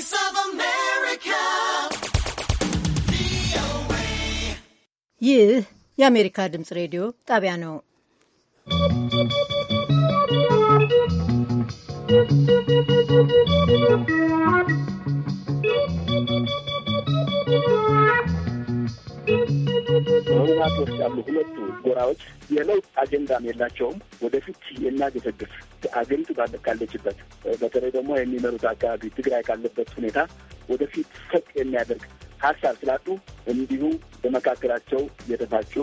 Voice of America. ይህ የአሜሪካ ድምጽ ሬዲዮ ጣቢያ ነው። ¶¶ በህወሀት ውስጥ ያሉ ሁለቱ ጎራዎች የለውጥ አጀንዳም የላቸውም። ወደፊት የሚያገሰግስ አገሪቱ ካለችበት በተለይ ደግሞ የሚመሩት አካባቢ ትግራይ ካለበት ሁኔታ ወደፊት ሰጥ የሚያደርግ ሀሳብ ስላጡ እንዲሁ በመካከላቸው የተፋጩ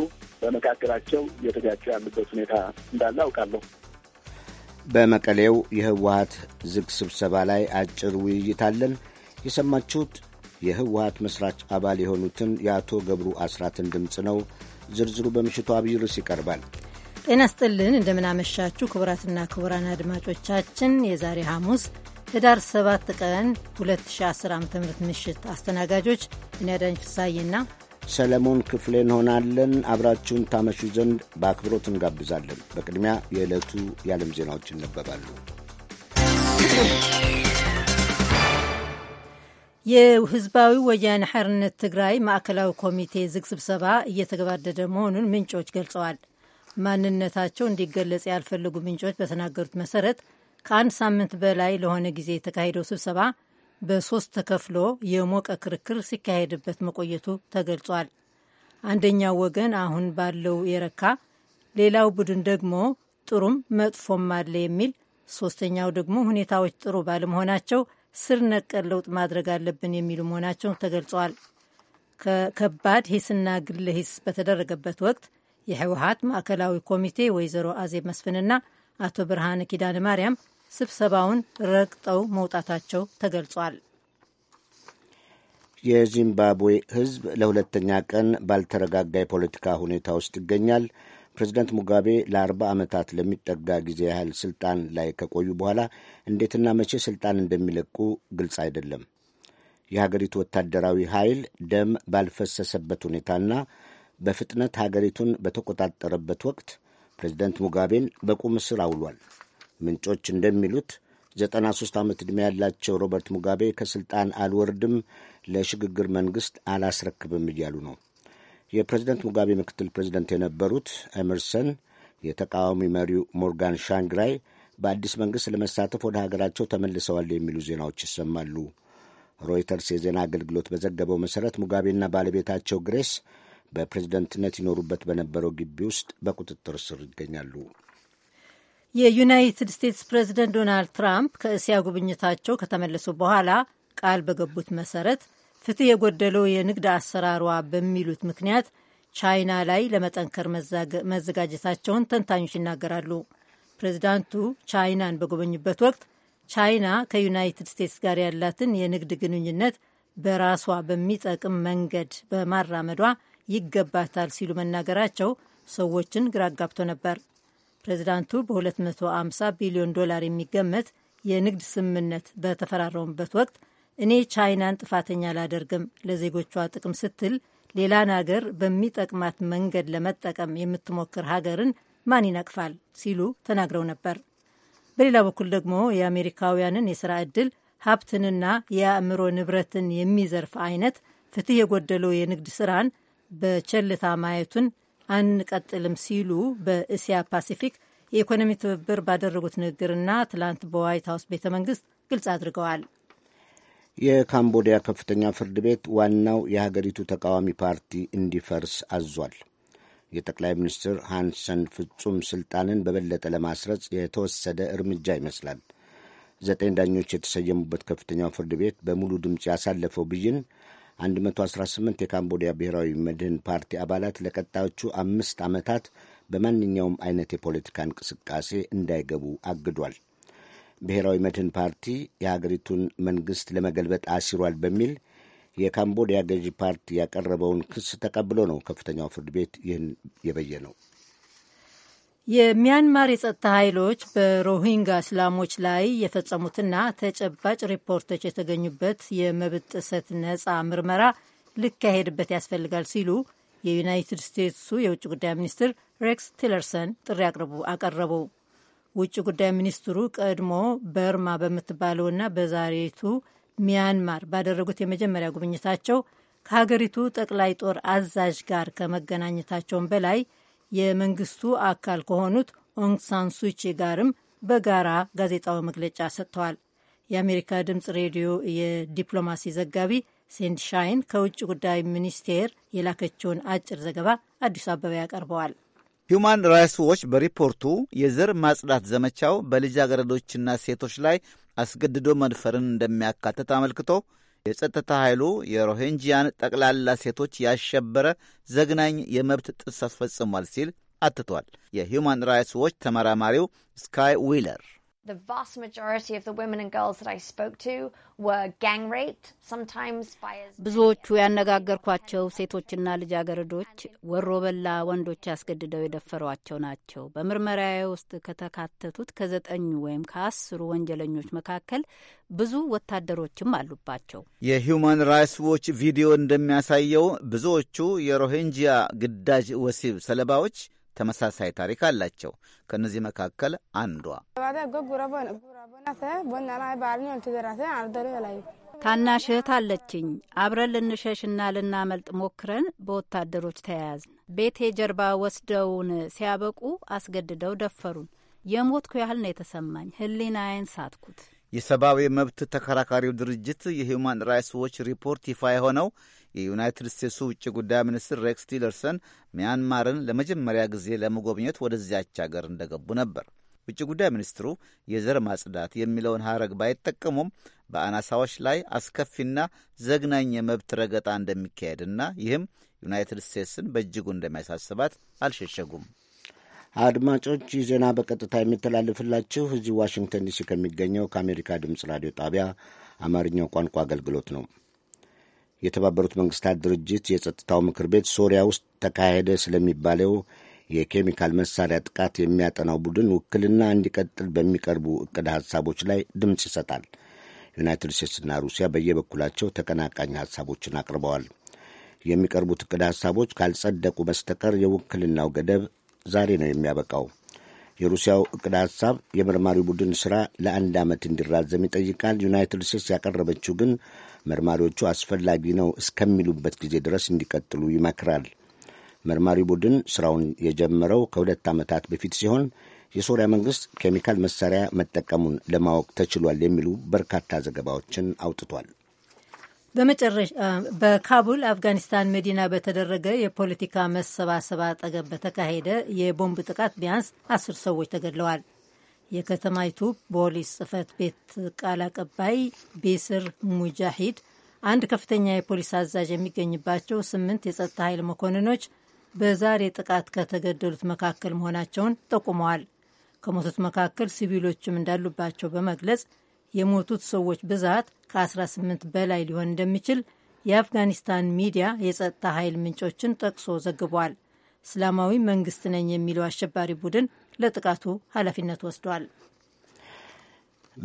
በመካከላቸው እየተጋጩ ያሉበት ሁኔታ እንዳለ አውቃለሁ። በመቀሌው የህወሀት ዝግ ስብሰባ ላይ አጭር ውይይት አለን። የሰማችሁት የህወሀት መስራች አባል የሆኑትን የአቶ ገብሩ አስራትን ድምፅ ነው። ዝርዝሩ በምሽቱ አብይ ርዕስ ይቀርባል። ጤና ስጥልን፣ እንደምናመሻችሁ ክቡራትና ክቡራን አድማጮቻችን የዛሬ ሐሙስ ህዳር 7 ቀን 2010 ዓ ም ምሽት አስተናጋጆች እኔ አዳኝ ፍሳዬና ሰለሞን ክፍሌ እንሆናለን። አብራችሁን ታመሹ ዘንድ በአክብሮት እንጋብዛለን። በቅድሚያ የዕለቱ የዓለም ዜናዎች ይነበባሉ። የህዝባዊ ወያነ ሐርነት ትግራይ ማዕከላዊ ኮሚቴ ዝግ ስብሰባ እየተገባደደ መሆኑን ምንጮች ገልጸዋል። ማንነታቸው እንዲገለጽ ያልፈለጉ ምንጮች በተናገሩት መሰረት ከአንድ ሳምንት በላይ ለሆነ ጊዜ የተካሄደው ስብሰባ በሶስት ተከፍሎ የሞቀ ክርክር ሲካሄድበት መቆየቱ ተገልጿል። አንደኛው ወገን አሁን ባለው የረካ፣ ሌላው ቡድን ደግሞ ጥሩም መጥፎም አለ የሚል፣ ሶስተኛው ደግሞ ሁኔታዎች ጥሩ ባለመሆናቸው ስር ነቀል ለውጥ ማድረግ አለብን የሚሉ መሆናቸውን ተገልጿል። ከከባድ ሂስና ግለ ሂስ በተደረገበት ወቅት የህወሀት ማዕከላዊ ኮሚቴ ወይዘሮ አዜብ መስፍንና አቶ ብርሃነ ኪዳነ ማርያም ስብሰባውን ረግጠው መውጣታቸው ተገልጿል። የዚምባብዌ ህዝብ ለሁለተኛ ቀን ባልተረጋጋ የፖለቲካ ሁኔታ ውስጥ ይገኛል። ፕሬዚደንት ሙጋቤ ለአርባ ዓመታት ለሚጠጋ ጊዜ ያህል ስልጣን ላይ ከቆዩ በኋላ እንዴትና መቼ ስልጣን እንደሚለቁ ግልጽ አይደለም። የሀገሪቱ ወታደራዊ ኃይል ደም ባልፈሰሰበት ሁኔታና በፍጥነት ሀገሪቱን በተቆጣጠረበት ወቅት ፕሬዚደንት ሙጋቤን በቁም እስር አውሏል። ምንጮች እንደሚሉት ዘጠና 93 ዓመት ዕድሜ ያላቸው ሮበርት ሙጋቤ ከስልጣን አልወርድም፣ ለሽግግር መንግሥት አላስረክብም እያሉ ነው። የፕሬዝደንት ሙጋቤ ምክትል ፕሬዝደንት የነበሩት ኤመርሰን የተቃዋሚ መሪው ሞርጋን ሻንግራይ በአዲስ መንግሥት ለመሳተፍ ወደ ሀገራቸው ተመልሰዋል የሚሉ ዜናዎች ይሰማሉ። ሮይተርስ የዜና አገልግሎት በዘገበው መሠረት ሙጋቤና ባለቤታቸው ግሬስ በፕሬዝደንትነት ይኖሩበት በነበረው ግቢ ውስጥ በቁጥጥር ስር ይገኛሉ። የዩናይትድ ስቴትስ ፕሬዝደንት ዶናልድ ትራምፕ ከእስያ ጉብኝታቸው ከተመለሱ በኋላ ቃል በገቡት መሠረት ፍትህ የጎደለው የንግድ አሰራሯ በሚሉት ምክንያት ቻይና ላይ ለመጠንከር መዘጋጀታቸውን ተንታኞች ይናገራሉ። ፕሬዚዳንቱ ቻይናን በጎበኙበት ወቅት ቻይና ከዩናይትድ ስቴትስ ጋር ያላትን የንግድ ግንኙነት በራሷ በሚጠቅም መንገድ በማራመዷ ይገባታል ሲሉ መናገራቸው ሰዎችን ግራ አጋብቶ ነበር። ፕሬዚዳንቱ በ250 ቢሊዮን ዶላር የሚገመት የንግድ ስምምነት በተፈራረሙበት ወቅት እኔ ቻይናን ጥፋተኛ አላደርግም፣ ለዜጎቿ ጥቅም ስትል ሌላን አገር በሚጠቅማት መንገድ ለመጠቀም የምትሞክር ሀገርን ማን ይነቅፋል ሲሉ ተናግረው ነበር። በሌላ በኩል ደግሞ የአሜሪካውያንን የሥራ ዕድል ሀብትንና የአእምሮ ንብረትን የሚዘርፍ አይነት ፍትህ የጎደለው የንግድ ሥራን በቸልታ ማየቱን አንቀጥልም ሲሉ በእስያ ፓሲፊክ የኢኮኖሚ ትብብር ባደረጉት ንግግርና ትላንት በዋይት ሀውስ ቤተ መንግስት ግልጽ አድርገዋል። የካምቦዲያ ከፍተኛ ፍርድ ቤት ዋናው የሀገሪቱ ተቃዋሚ ፓርቲ እንዲፈርስ አዟል። የጠቅላይ ሚኒስትር ሃንሰን ፍጹም ስልጣንን በበለጠ ለማስረጽ የተወሰደ እርምጃ ይመስላል። ዘጠኝ ዳኞች የተሰየሙበት ከፍተኛው ፍርድ ቤት በሙሉ ድምፅ ያሳለፈው ብይን 118 የካምቦዲያ ብሔራዊ መድህን ፓርቲ አባላት ለቀጣዮቹ አምስት ዓመታት በማንኛውም አይነት የፖለቲካ እንቅስቃሴ እንዳይገቡ አግዷል። ብሔራዊ መድህን ፓርቲ የሀገሪቱን መንግሥት ለመገልበጥ አሲሯል በሚል የካምቦዲያ ገዢ ፓርቲ ያቀረበውን ክስ ተቀብሎ ነው ከፍተኛው ፍርድ ቤት ይህን የበየነው። የሚያንማር የጸጥታ ኃይሎች በሮሂንጋ እስላሞች ላይ የፈጸሙትና ተጨባጭ ሪፖርቶች የተገኙበት የመብት ጥሰት ነፃ ምርመራ ሊካሄድበት ያስፈልጋል ሲሉ የዩናይትድ ስቴትሱ የውጭ ጉዳይ ሚኒስትር ሬክስ ቲለርሰን ጥሪ አቅርቡ አቀረቡ። ውጭ ጉዳይ ሚኒስትሩ ቀድሞ በርማ በምትባለውና በዛሬቱ ሚያንማር ባደረጉት የመጀመሪያ ጉብኝታቸው ከሀገሪቱ ጠቅላይ ጦር አዛዥ ጋር ከመገናኘታቸውን በላይ የመንግስቱ አካል ከሆኑት ኦንግሳን ሱቺ ጋርም በጋራ ጋዜጣዊ መግለጫ ሰጥተዋል። የአሜሪካ ድምፅ ሬዲዮ የዲፕሎማሲ ዘጋቢ ሴንድ ሻይን ከውጭ ጉዳይ ሚኒስቴር የላከችውን አጭር ዘገባ አዲሱ አበባ ያቀርበዋል። ሂውማን ራይትስ ዎች በሪፖርቱ የዘር ማጽዳት ዘመቻው በልጃገረዶችና ሴቶች ላይ አስገድዶ መድፈርን እንደሚያካትት አመልክቶ የጸጥታ ኃይሉ የሮሂንጂያን ጠቅላላ ሴቶች ያሸበረ ዘግናኝ የመብት ጥስ ፈጽሟል ሲል አትቷል። የሂውማን ራይትስ ዎች ተመራማሪው ስካይ ዊለር the vast majority of the women and girls that I spoke to were gang raped, sometimes by as... ብዙዎቹ ያነጋገርኳቸው ሴቶችና ልጃገረዶች ወሮ በላ ወንዶች ያስገድደው የደፈሯቸው ናቸው። በምርመራዬ ውስጥ ከተካተቱት ከዘጠኙ ወይም ከአስሩ ወንጀለኞች መካከል ብዙ ወታደሮችም አሉባቸው። የሂውማን ራይትስ ዎች ቪዲዮ እንደሚያሳየው ብዙዎቹ የሮሂንጂያ ግዳጅ ወሲብ ሰለባዎች ተመሳሳይ ታሪክ አላቸው። ከእነዚህ መካከል አንዷ ታናሽ እህት አለችኝ። አብረን ልንሸሽና ልናመልጥ ሞክረን በወታደሮች ተያያዝን። ቤቴ ጀርባ ወስደውን ሲያበቁ አስገድደው ደፈሩን። የሞትኩ ያህል ነው የተሰማኝ። ሕሊናዬን ሳትኩት። የሰብአዊ መብት ተከራካሪው ድርጅት የሂውማን ራይትስ ዎች ሪፖርት ይፋ የሆነው የዩናይትድ ስቴትሱ ውጭ ጉዳይ ሚኒስትር ሬክስ ቲለርሰን ሚያንማርን ለመጀመሪያ ጊዜ ለመጎብኘት ወደዚያች አገር እንደገቡ ነበር። ውጭ ጉዳይ ሚኒስትሩ የዘር ማጽዳት የሚለውን ሀረግ ባይጠቀሙም በአናሳዎች ላይ አስከፊና ዘግናኝ የመብት ረገጣ እንደሚካሄድና ይህም ዩናይትድ ስቴትስን በእጅጉ እንደሚያሳስባት አልሸሸጉም። አድማጮች ይህ ዜና በቀጥታ የሚተላለፍላችሁ እዚህ ዋሽንግተን ዲሲ ከሚገኘው ከአሜሪካ ድምፅ ራዲዮ ጣቢያ አማርኛው ቋንቋ አገልግሎት ነው። የተባበሩት መንግስታት ድርጅት የጸጥታው ምክር ቤት ሶሪያ ውስጥ ተካሄደ ስለሚባለው የኬሚካል መሳሪያ ጥቃት የሚያጠናው ቡድን ውክልና እንዲቀጥል በሚቀርቡ እቅድ ሀሳቦች ላይ ድምፅ ይሰጣል። ዩናይትድ ስቴትስና ሩሲያ በየበኩላቸው ተቀናቃኝ ሀሳቦችን አቅርበዋል። የሚቀርቡት እቅድ ሀሳቦች ካልጸደቁ በስተቀር የውክልናው ገደብ ዛሬ ነው የሚያበቃው። የሩሲያው እቅድ ሐሳብ የመርማሪ ቡድን ሥራ ለአንድ ዓመት እንዲራዘም ይጠይቃል። ዩናይትድ ስቴትስ ያቀረበችው ግን መርማሪዎቹ አስፈላጊ ነው እስከሚሉበት ጊዜ ድረስ እንዲቀጥሉ ይመክራል። መርማሪ ቡድን ሥራውን የጀመረው ከሁለት ዓመታት በፊት ሲሆን የሶሪያ መንግሥት ኬሚካል መሳሪያ መጠቀሙን ለማወቅ ተችሏል የሚሉ በርካታ ዘገባዎችን አውጥቷል። በመጨረሻ በካቡል አፍጋኒስታን መዲና በተደረገ የፖለቲካ መሰባሰብ አጠገብ በተካሄደ የቦምብ ጥቃት ቢያንስ አስር ሰዎች ተገድለዋል። የከተማይቱ ፖሊስ ጽህፈት ቤት ቃል አቀባይ ቤስር ሙጃሂድ አንድ ከፍተኛ የፖሊስ አዛዥ የሚገኝባቸው ስምንት የጸጥታ ኃይል መኮንኖች በዛሬ ጥቃት ከተገደሉት መካከል መሆናቸውን ጠቁመዋል። ከሞቱት መካከል ሲቪሎችም እንዳሉባቸው በመግለጽ የሞቱት ሰዎች ብዛት ከ18 በላይ ሊሆን እንደሚችል የአፍጋኒስታን ሚዲያ የጸጥታ ኃይል ምንጮችን ጠቅሶ ዘግቧል። እስላማዊ መንግስት ነኝ የሚለው አሸባሪ ቡድን ለጥቃቱ ኃላፊነት ወስዷል።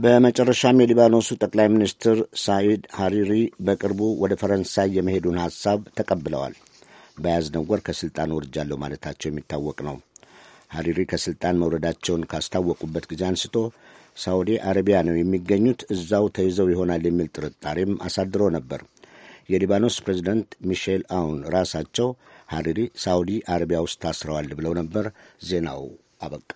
በመጨረሻም የሊባኖሱ ጠቅላይ ሚኒስትር ሳኢድ ሐሪሪ በቅርቡ ወደ ፈረንሳይ የመሄዱን ሐሳብ ተቀብለዋል። በያዝነው ወር ከሥልጣን ወርጃለሁ ማለታቸው የሚታወቅ ነው። ሐሪሪ ከሥልጣን መውረዳቸውን ካስታወቁበት ጊዜ አንስቶ ሳውዲ አረቢያ ነው የሚገኙት፣ እዛው ተይዘው ይሆናል የሚል ጥርጣሬም አሳድሮ ነበር። የሊባኖስ ፕሬዚደንት ሚሼል አውን ራሳቸው ሀሪሪ ሳውዲ አረቢያ ውስጥ ታስረዋል ብለው ነበር። ዜናው አበቃ።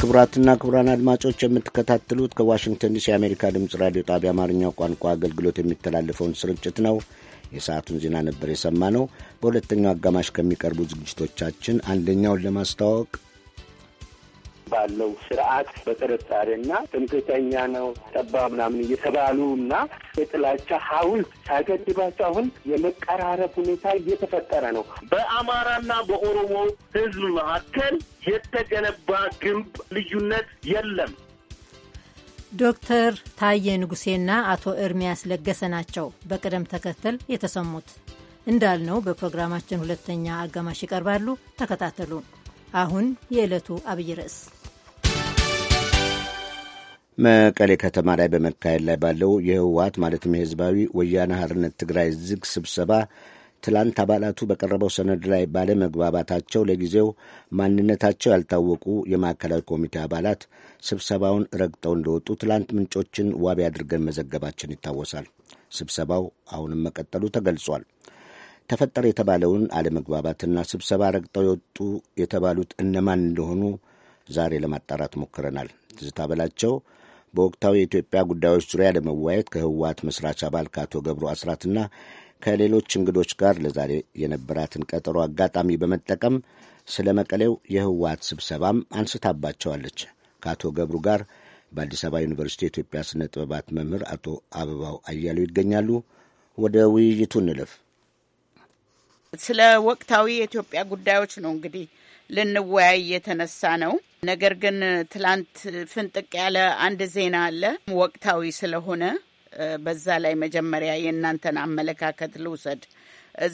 ክቡራትና ክቡራን አድማጮች የምትከታተሉት ከዋሽንግተን ዲሲ የአሜሪካ ድምፅ ራዲዮ ጣቢያ አማርኛው ቋንቋ አገልግሎት የሚተላለፈውን ስርጭት ነው። የሰዓቱን ዜና ነበር የሰማ ነው። በሁለተኛው አጋማሽ ከሚቀርቡ ዝግጅቶቻችን አንደኛውን ለማስተዋወቅ ባለው ስርዓት በጥርጣሬና ትምክህተኛ ነው ጠባ ምናምን እየተባሉ እና የጥላቻ ሐውልት ሳይገድባቸው አሁን የመቀራረብ ሁኔታ እየተፈጠረ ነው። በአማራና በኦሮሞ ሕዝብ መካከል የተገነባ ግንብ ልዩነት የለም። ዶክተር ታዬ ንጉሴና አቶ እርሚያስ ለገሰ ናቸው በቅደም ተከተል የተሰሙት። እንዳልነው በፕሮግራማችን ሁለተኛ አጋማሽ ይቀርባሉ። ተከታተሉ። አሁን የዕለቱ አብይ ርዕስ መቀሌ ከተማ ላይ በመካሄድ ላይ ባለው የህወሓት ማለትም የህዝባዊ ወያነ ሀርነት ትግራይ ዝግ ስብሰባ ትላንት አባላቱ በቀረበው ሰነድ ላይ ባለመግባባታቸው ለጊዜው ማንነታቸው ያልታወቁ የማዕከላዊ ኮሚቴ አባላት ስብሰባውን ረግጠው እንደወጡ ትላንት ምንጮችን ዋቢ አድርገን መዘገባችን ይታወሳል። ስብሰባው አሁንም መቀጠሉ ተገልጿል። ተፈጠረ የተባለውን አለመግባባትና ስብሰባ ረግጠው የወጡ የተባሉት እነማን እንደሆኑ ዛሬ ለማጣራት ሞክረናል። ትዝታ በላቸው በወቅታዊ የኢትዮጵያ ጉዳዮች ዙሪያ ለመወያየት ከህወሓት መስራች አባል ከአቶ ገብሩ አስራትና ከሌሎች እንግዶች ጋር ለዛሬ የነበራትን ቀጠሮ አጋጣሚ በመጠቀም ስለ መቀሌው የህወሓት ስብሰባም አንስታባቸዋለች። ከአቶ ገብሩ ጋር በአዲስ አበባ ዩኒቨርሲቲ የኢትዮጵያ ስነ ጥበባት መምህር አቶ አበባው አያሉ ይገኛሉ። ወደ ውይይቱ እንለፍ። ስለ ወቅታዊ የኢትዮጵያ ጉዳዮች ነው እንግዲህ ልንወያይ የተነሳ ነው። ነገር ግን ትላንት ፍንጥቅ ያለ አንድ ዜና አለ ወቅታዊ ስለሆነ በዛ ላይ መጀመሪያ የእናንተን አመለካከት ልውሰድ።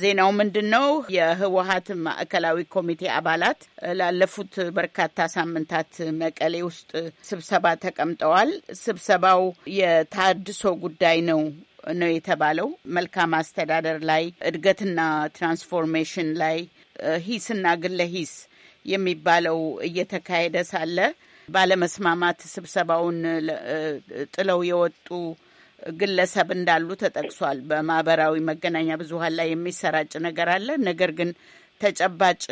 ዜናው ምንድን ነው? የህወሀት ማዕከላዊ ኮሚቴ አባላት ላለፉት በርካታ ሳምንታት መቀሌ ውስጥ ስብሰባ ተቀምጠዋል። ስብሰባው የታድሶ ጉዳይ ነው ነው የተባለው። መልካም አስተዳደር ላይ፣ እድገትና ትራንስፎርሜሽን ላይ፣ ሂስና ግለ ሂስ የሚባለው እየተካሄደ ሳለ ባለመስማማት ስብሰባውን ጥለው የወጡ ግለሰብ እንዳሉ ተጠቅሷል። በማህበራዊ መገናኛ ብዙሀን ላይ የሚሰራጭ ነገር አለ። ነገር ግን ተጨባጭ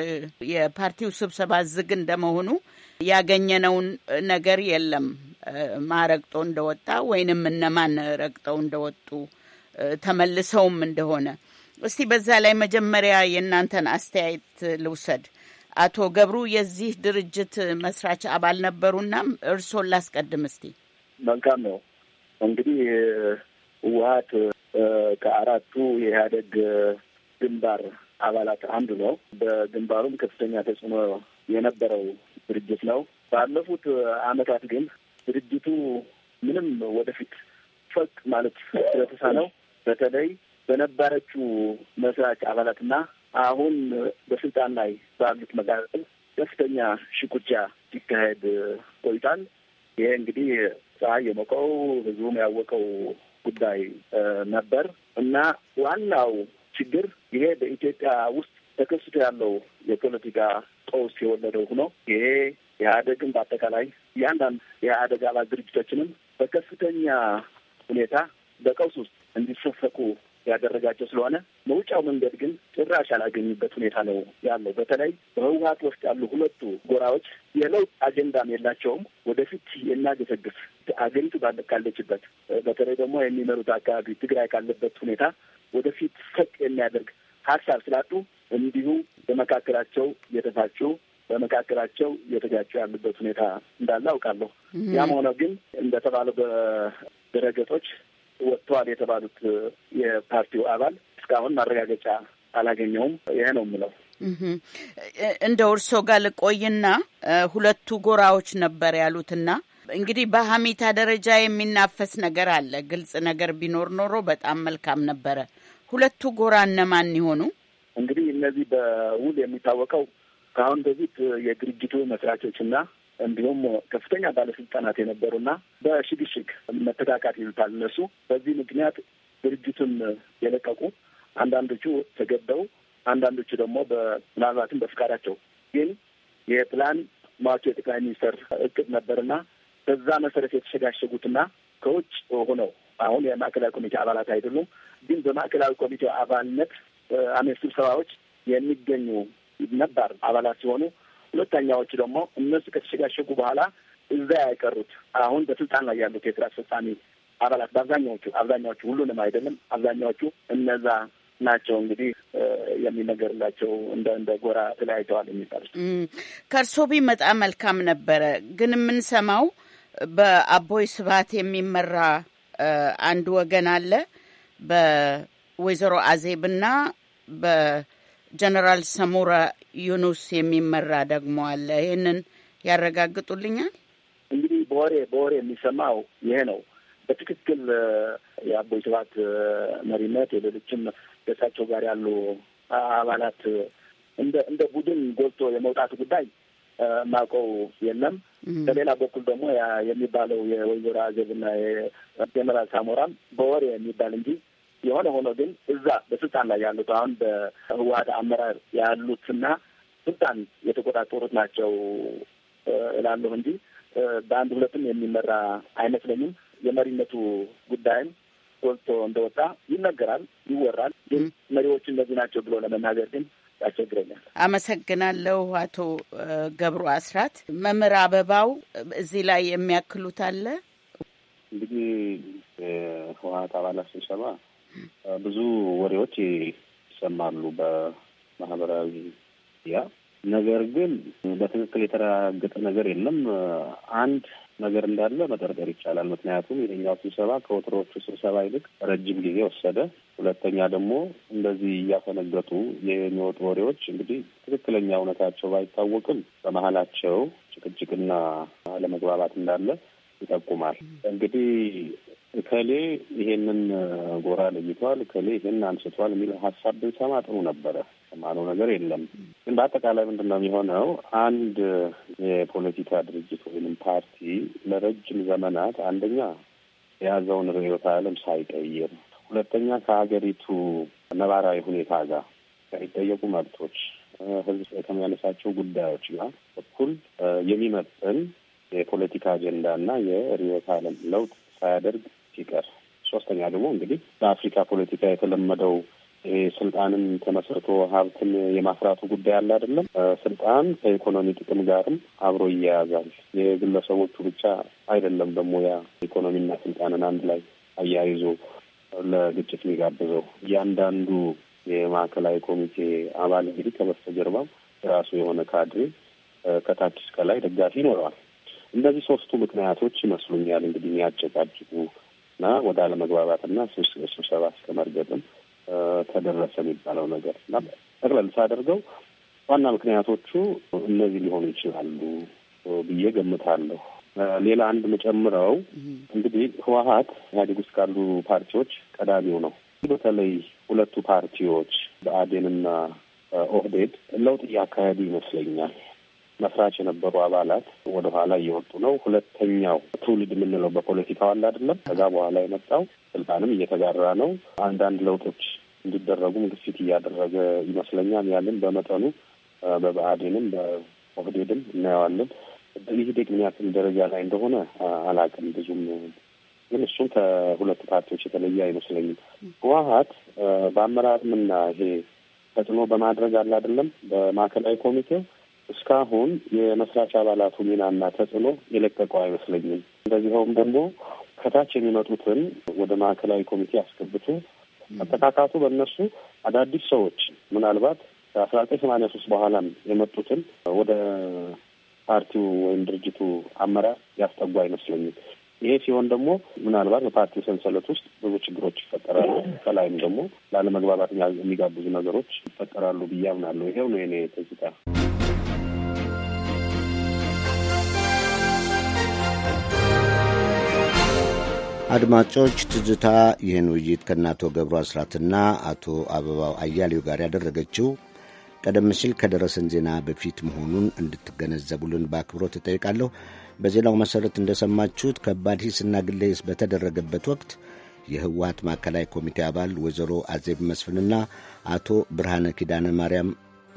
የፓርቲው ስብሰባ ዝግ እንደመሆኑ ያገኘነውን ነገር የለም። ማረግጦ እንደወጣ ወይንም እነማን ረግጠው እንደወጡ ተመልሰውም እንደሆነ እስቲ በዛ ላይ መጀመሪያ የእናንተን አስተያየት ልውሰድ። አቶ ገብሩ የዚህ ድርጅት መስራች አባል ነበሩና እርሶን ላስቀድም እስቲ። መልካም ነው። እንግዲህ ህወሀት ከአራቱ የኢህአደግ ግንባር አባላት አንዱ ነው። በግንባሩም ከፍተኛ ተጽዕኖ የነበረው ድርጅት ነው። ባለፉት አመታት ግን ድርጅቱ ምንም ወደፊት ፈቅ ማለት ስለተሳነው በተለይ በነባረችው መስራች አባላትና አሁን በስልጣን ላይ ባሉት መካከል ከፍተኛ ሽኩቻ ሲካሄድ ቆይቷል። ይሄ እንግዲህ ፀሐይ የሞቀው ህዝቡም ያወቀው ጉዳይ ነበር እና ዋናው ችግር ይሄ በኢትዮጵያ ውስጥ ተከስቶ ያለው የፖለቲካ ቀውስ የወለደው ሆኖ ይሄ የአደግን በአጠቃላይ እያንዳንድ የአደግ አባል ድርጅቶችንም በከፍተኛ ሁኔታ በቀውስ ውስጥ እንዲሰፈቁ ያደረጋቸው ስለሆነ መውጫው መንገድ ግን ጭራሽ አላገኙበት ሁኔታ ነው ያለው። በተለይ በህወሀት ውስጥ ያሉ ሁለቱ ጎራዎች የለውጥ አጀንዳም የላቸውም። ወደፊት የሚያገሰግፍ አገሪቱ ካለችበት በተለይ ደግሞ የሚመሩት አካባቢ ትግራይ ካለበት ሁኔታ ወደፊት ፈቅ የሚያደርግ ሀሳብ ስላጡ እንዲሁ በመካከላቸው የተፋጩ በመካከላቸው እየተጋጩ ያሉበት ሁኔታ እንዳለ አውቃለሁ። ያም ሆነ ግን እንደተባለው በድረገጾች ወጥተዋል የተባሉት የፓርቲው አባል እስካሁን ማረጋገጫ አላገኘውም። ይሄ ነው የምለው። እንደ እርሶ ጋር ልቆይና ሁለቱ ጎራዎች ነበር ያሉትና እንግዲህ በሀሜታ ደረጃ የሚናፈስ ነገር አለ። ግልጽ ነገር ቢኖር ኖሮ በጣም መልካም ነበረ። ሁለቱ ጎራ እነማን ይሆኑ? እንግዲህ እነዚህ በውል የሚታወቀው ከአሁን በፊት የድርጅቱ መስራቾችና እንዲሁም ከፍተኛ ባለስልጣናት የነበሩና በሽግሽግ መተካካት ይሉታል እነሱ። በዚህ ምክንያት ድርጅቱን የለቀቁ አንዳንዶቹ ተገደው፣ አንዳንዶቹ ደግሞ ምናልባትም በፍቃዳቸው። ግን የፕላን ማቹ የጠቅላይ ሚኒስተር እቅድ ነበርና በዛ መሰረት የተሸጋሸጉትና ከውጭ ሆነው አሁን የማዕከላዊ ኮሚቴ አባላት አይደሉም። ግን በማዕከላዊ ኮሚቴው አባልነት አሜ ስብሰባዎች የሚገኙ ነባር አባላት ሲሆኑ ሁለተኛዎቹ ደግሞ እነሱ ከተሸጋሸጉ በኋላ እዛ ያቀሩት አሁን በስልጣን ላይ ያሉት የስራ አስፈጻሚ አባላት በአብዛኛዎቹ አብዛኛዎቹ ሁሉንም አይደለም፣ አብዛኛዎቹ እነዛ ናቸው እንግዲህ የሚነገርላቸው እንደ እንደ ጎራ ተለያይተዋል የሚባሉት። ከእርሶ ቢመጣ መልካም ነበረ። ግን የምንሰማው በአቦይ ስባት የሚመራ አንድ ወገን አለ በወይዘሮ አዜብና በ ጀነራል ሰሙራ ዩኑስ የሚመራ ደግሞ አለ። ይህንን ያረጋግጡልኛል። እንግዲህ በወሬ በወሬ የሚሰማው ይሄ ነው። በትክክል የአቦይ ስብሀት መሪነት የሌሎችም ከእሳቸው ጋር ያሉ አባላት እንደ እንደ ቡድን ጎልቶ የመውጣት ጉዳይ ማውቀው የለም። በሌላ በኩል ደግሞ የሚባለው የወይዘሮ አዜብና የጀነራል ሳሞራም በወሬ የሚባል እንጂ የሆነ ሆኖ ግን እዛ በስልጣን ላይ ያሉት አሁን በህወሀት አመራር ያሉትና ስልጣን የተቆጣጠሩት ናቸው እላለሁ እንጂ በአንድ ሁለትም የሚመራ አይመስለኝም። የመሪነቱ ጉዳይም ጎልቶ እንደወጣ ይነገራል፣ ይወራል። ግን መሪዎቹ እነዚህ ናቸው ብሎ ለመናገር ግን ያስቸግረኛል። አመሰግናለሁ። አቶ ገብሩ አስራት። መምህር አበባው እዚህ ላይ የሚያክሉት አለ? እንግዲህ ህወሀት አባላት ስብሰባ ብዙ ወሬዎች ይሰማሉ በማህበራዊ ያ ነገር ግን በትክክል የተረጋገጠ ነገር የለም። አንድ ነገር እንዳለ መጠርጠር ይቻላል። ምክንያቱም የኛው ስብሰባ ከወትሮዎቹ ስብሰባ ይልቅ ረጅም ጊዜ ወሰደ። ሁለተኛ ደግሞ እንደዚህ እያፈነገጡ የሚወጡ ወሬዎች እንግዲህ ትክክለኛ እውነታቸው ባይታወቅም በመሀላቸው ጭቅጭቅና አለመግባባት እንዳለ ይጠቁማል። እንግዲህ እከሌ ይሄንን ጎራ ለይቷል፣ እከሌ ይሄን አንስቷል የሚል ሀሳብ ብንሰማ ጥሩ ነበረ። የሰማነው ነገር የለም። ግን በአጠቃላይ ምንድን ነው የሚሆነው? አንድ የፖለቲካ ድርጅት ወይም ፓርቲ ለረጅም ዘመናት አንደኛ የያዘውን ርዕዮተ ዓለም ሳይቀይር፣ ሁለተኛ ከሀገሪቱ ነባራዊ ሁኔታ ጋር ከሚጠየቁ መብቶች ህዝብ ከሚያነሳቸው ጉዳዮች ጋር እኩል የሚመጥን የፖለቲካ አጀንዳና የርዕዮተ ዓለም ለውጥ ሳያደርግ ሲቀር፣ ሶስተኛ ደግሞ እንግዲህ በአፍሪካ ፖለቲካ የተለመደው ይሄ ስልጣንን ተመስርቶ ሀብትን የማፍራቱ ጉዳይ አለ አይደለም። ስልጣን ከኢኮኖሚ ጥቅም ጋርም አብሮ ይያያዛል። የግለሰቦቹ ብቻ አይደለም ደግሞ ያ ኢኮኖሚና ስልጣንን አንድ ላይ አያይዞ ለግጭት የሚጋብዘው እያንዳንዱ የማዕከላዊ ኮሚቴ አባል እንግዲህ ከበስተጀርባም የራሱ የሆነ ካድሬ ከታች እስከ ላይ ደጋፊ ይኖረዋል። እነዚህ ሶስቱ ምክንያቶች ይመስሉኛል እንግዲህ የሚያጨቃጭቁ እና ወደ አለመግባባትና ስብሰባ እስከ መርገጥም ተደረሰ የሚባለው ነገር እና ጠቅለል ሳደርገው ዋና ምክንያቶቹ እነዚህ ሊሆኑ ይችላሉ ብዬ ገምታለሁ። ሌላ አንድ መጨምረው እንግዲህ ህወሀት ኢህአዴግ ውስጥ ካሉ ፓርቲዎች ቀዳሚው ነው። በተለይ ሁለቱ ፓርቲዎች በአዴንና ኦህዴድ ለውጥ እያካሄዱ ይመስለኛል። መስራች የነበሩ አባላት ወደኋላ እየወጡ ነው። ሁለተኛው ትውልድ የምንለው በፖለቲካው አለ አይደለም። ከዛ በኋላ የመጣው ስልጣንም እየተጋራ ነው። አንዳንድ ለውጦች እንዲደረጉም ግፊት እያደረገ ይመስለኛል። ያንን በመጠኑ በብአዴንም በኦህዴድም እናየዋለን። ኢህዴግ ምን ያክል ደረጃ ላይ እንደሆነ አላውቅም ብዙም ግን እሱም ከሁለቱ ፓርቲዎች የተለየ አይመስለኝም። ህወሀት በአመራርምና ይሄ ተጽዕኖ በማድረግ አለ አይደለም በማዕከላዊ ኮሚቴው እስካሁን የመስራች አባላቱ ሚናና ተጽዕኖ የለቀቀው አይመስለኝም። እንደዚሁም ደግሞ ከታች የሚመጡትን ወደ ማዕከላዊ ኮሚቴ አስገብቶ አተካካቱ በእነሱ አዳዲስ ሰዎች ምናልባት ከአስራ ዘጠኝ ሰማንያ ሶስት በኋላም የመጡትን ወደ ፓርቲው ወይም ድርጅቱ አመራር ያስጠጉ አይመስለኝም። ይሄ ሲሆን ደግሞ ምናልባት በፓርቲው ሰንሰለት ውስጥ ብዙ ችግሮች ይፈጠራሉ፣ ከላይም ደግሞ ላለመግባባት የሚጋብዙ ነገሮች ይፈጠራሉ ብዬ አምናለሁ። ይሄው ነው የኔ ትዝታ። አድማጮች ትዝታ ይህን ውይይት ከናቶ አቶ ገብሩ አስራትና አቶ አበባው አያሌው ጋር ያደረገችው ቀደም ሲል ከደረሰን ዜና በፊት መሆኑን እንድትገነዘቡልን በአክብሮት እጠይቃለሁ። በዜናው መሰረት እንደሰማችሁት ከባድ ሂስና ግለ ሂስ በተደረገበት ወቅት የህወሀት ማዕከላዊ ኮሚቴ አባል ወይዘሮ አዜብ መስፍንና አቶ ብርሃነ ኪዳነ ማርያም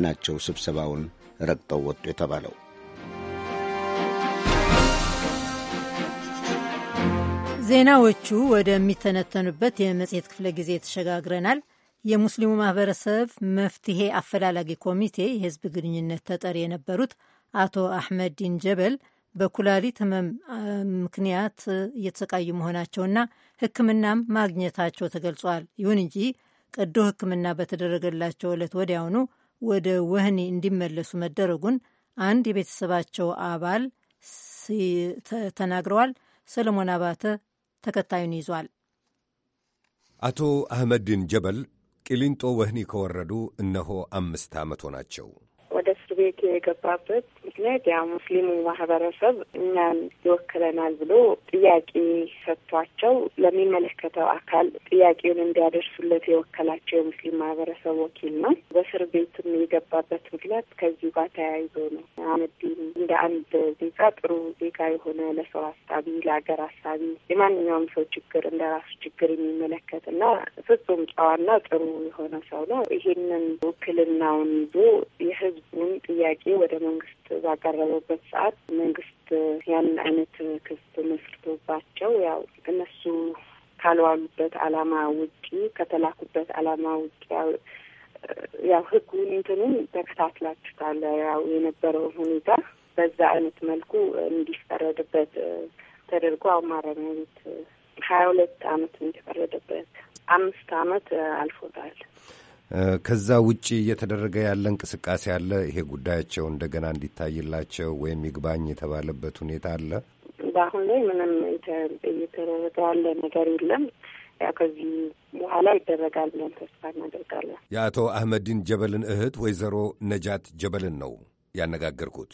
ናቸው ስብሰባውን ረግጠው ወጡ የተባለው። ዜናዎቹ ወደሚተነተኑበት የመጽሔት ክፍለ ጊዜ ተሸጋግረናል። የሙስሊሙ ማህበረሰብ መፍትሄ አፈላላጊ ኮሚቴ የህዝብ ግንኙነት ተጠሪ የነበሩት አቶ አሕመድ ዲን ጀበል በኩላሊት ህመም ምክንያት እየተሰቃዩ መሆናቸውና ሕክምናም ማግኘታቸው ተገልጿል። ይሁን እንጂ ቀዶ ሕክምና በተደረገላቸው ዕለት ወዲያውኑ ወደ ወህኒ እንዲመለሱ መደረጉን አንድ የቤተሰባቸው አባል ተናግረዋል። ሰለሞን አባተ ተከታዩን ይዟል። አቶ አህመድን ጀበል ቂሊንጦ ወህኒ ከወረዱ እነሆ አምስት ዓመት ሆናቸው። ቤት የገባበት ምክንያት ያ ሙስሊሙ ማህበረሰብ እኛን ይወክለናል ብሎ ጥያቄ ሰጥቷቸው ለሚመለከተው አካል ጥያቄውን እንዲያደርሱለት የወከላቸው የሙስሊም ማህበረሰብ ወኪል ነው። በእስር ቤትም የገባበት ምክንያት ከዚሁ ጋር ተያይዞ ነው። አመዲን እንደ አንድ ዜጋ ጥሩ ዜጋ የሆነ ለሰው አሳቢ፣ ለሀገር አሳቢ የማንኛውም ሰው ችግር እንደ ራሱ ችግር የሚመለከት እና ፍጹም ጨዋና ጥሩ የሆነ ሰው ነው። ይሄንን ውክልናውን ይዞ የህዝቡን ጥያቄ ወደ መንግስት ባቀረበበት ሰዓት መንግስት ያንን አይነት ክስ መስርቶባቸው ያው እነሱ ካልዋሉበት አላማ ውጪ ከተላኩበት አላማ ውጪ ያው ህጉን እንትኑን ተከታትላችሁታል። ያው የነበረውን ሁኔታ በዛ አይነት መልኩ እንዲፈረድበት ተደርጎ አሁን ማረሚያ ቤት ሀያ ሁለት አመት እንዲፈረድበት አምስት አመት አልፎታል። ከዛ ውጪ እየተደረገ ያለ እንቅስቃሴ አለ? ይሄ ጉዳያቸው እንደገና እንዲታይላቸው ወይም ይግባኝ የተባለበት ሁኔታ አለ? በአሁን ላይ ምንም እየተደረገ ያለ ነገር የለም። ያ ከዚህ በኋላ ይደረጋል ብለን ተስፋ እናደርጋለን። የአቶ አህመዲን ጀበልን እህት ወይዘሮ ነጃት ጀበልን ነው ያነጋገርኩት።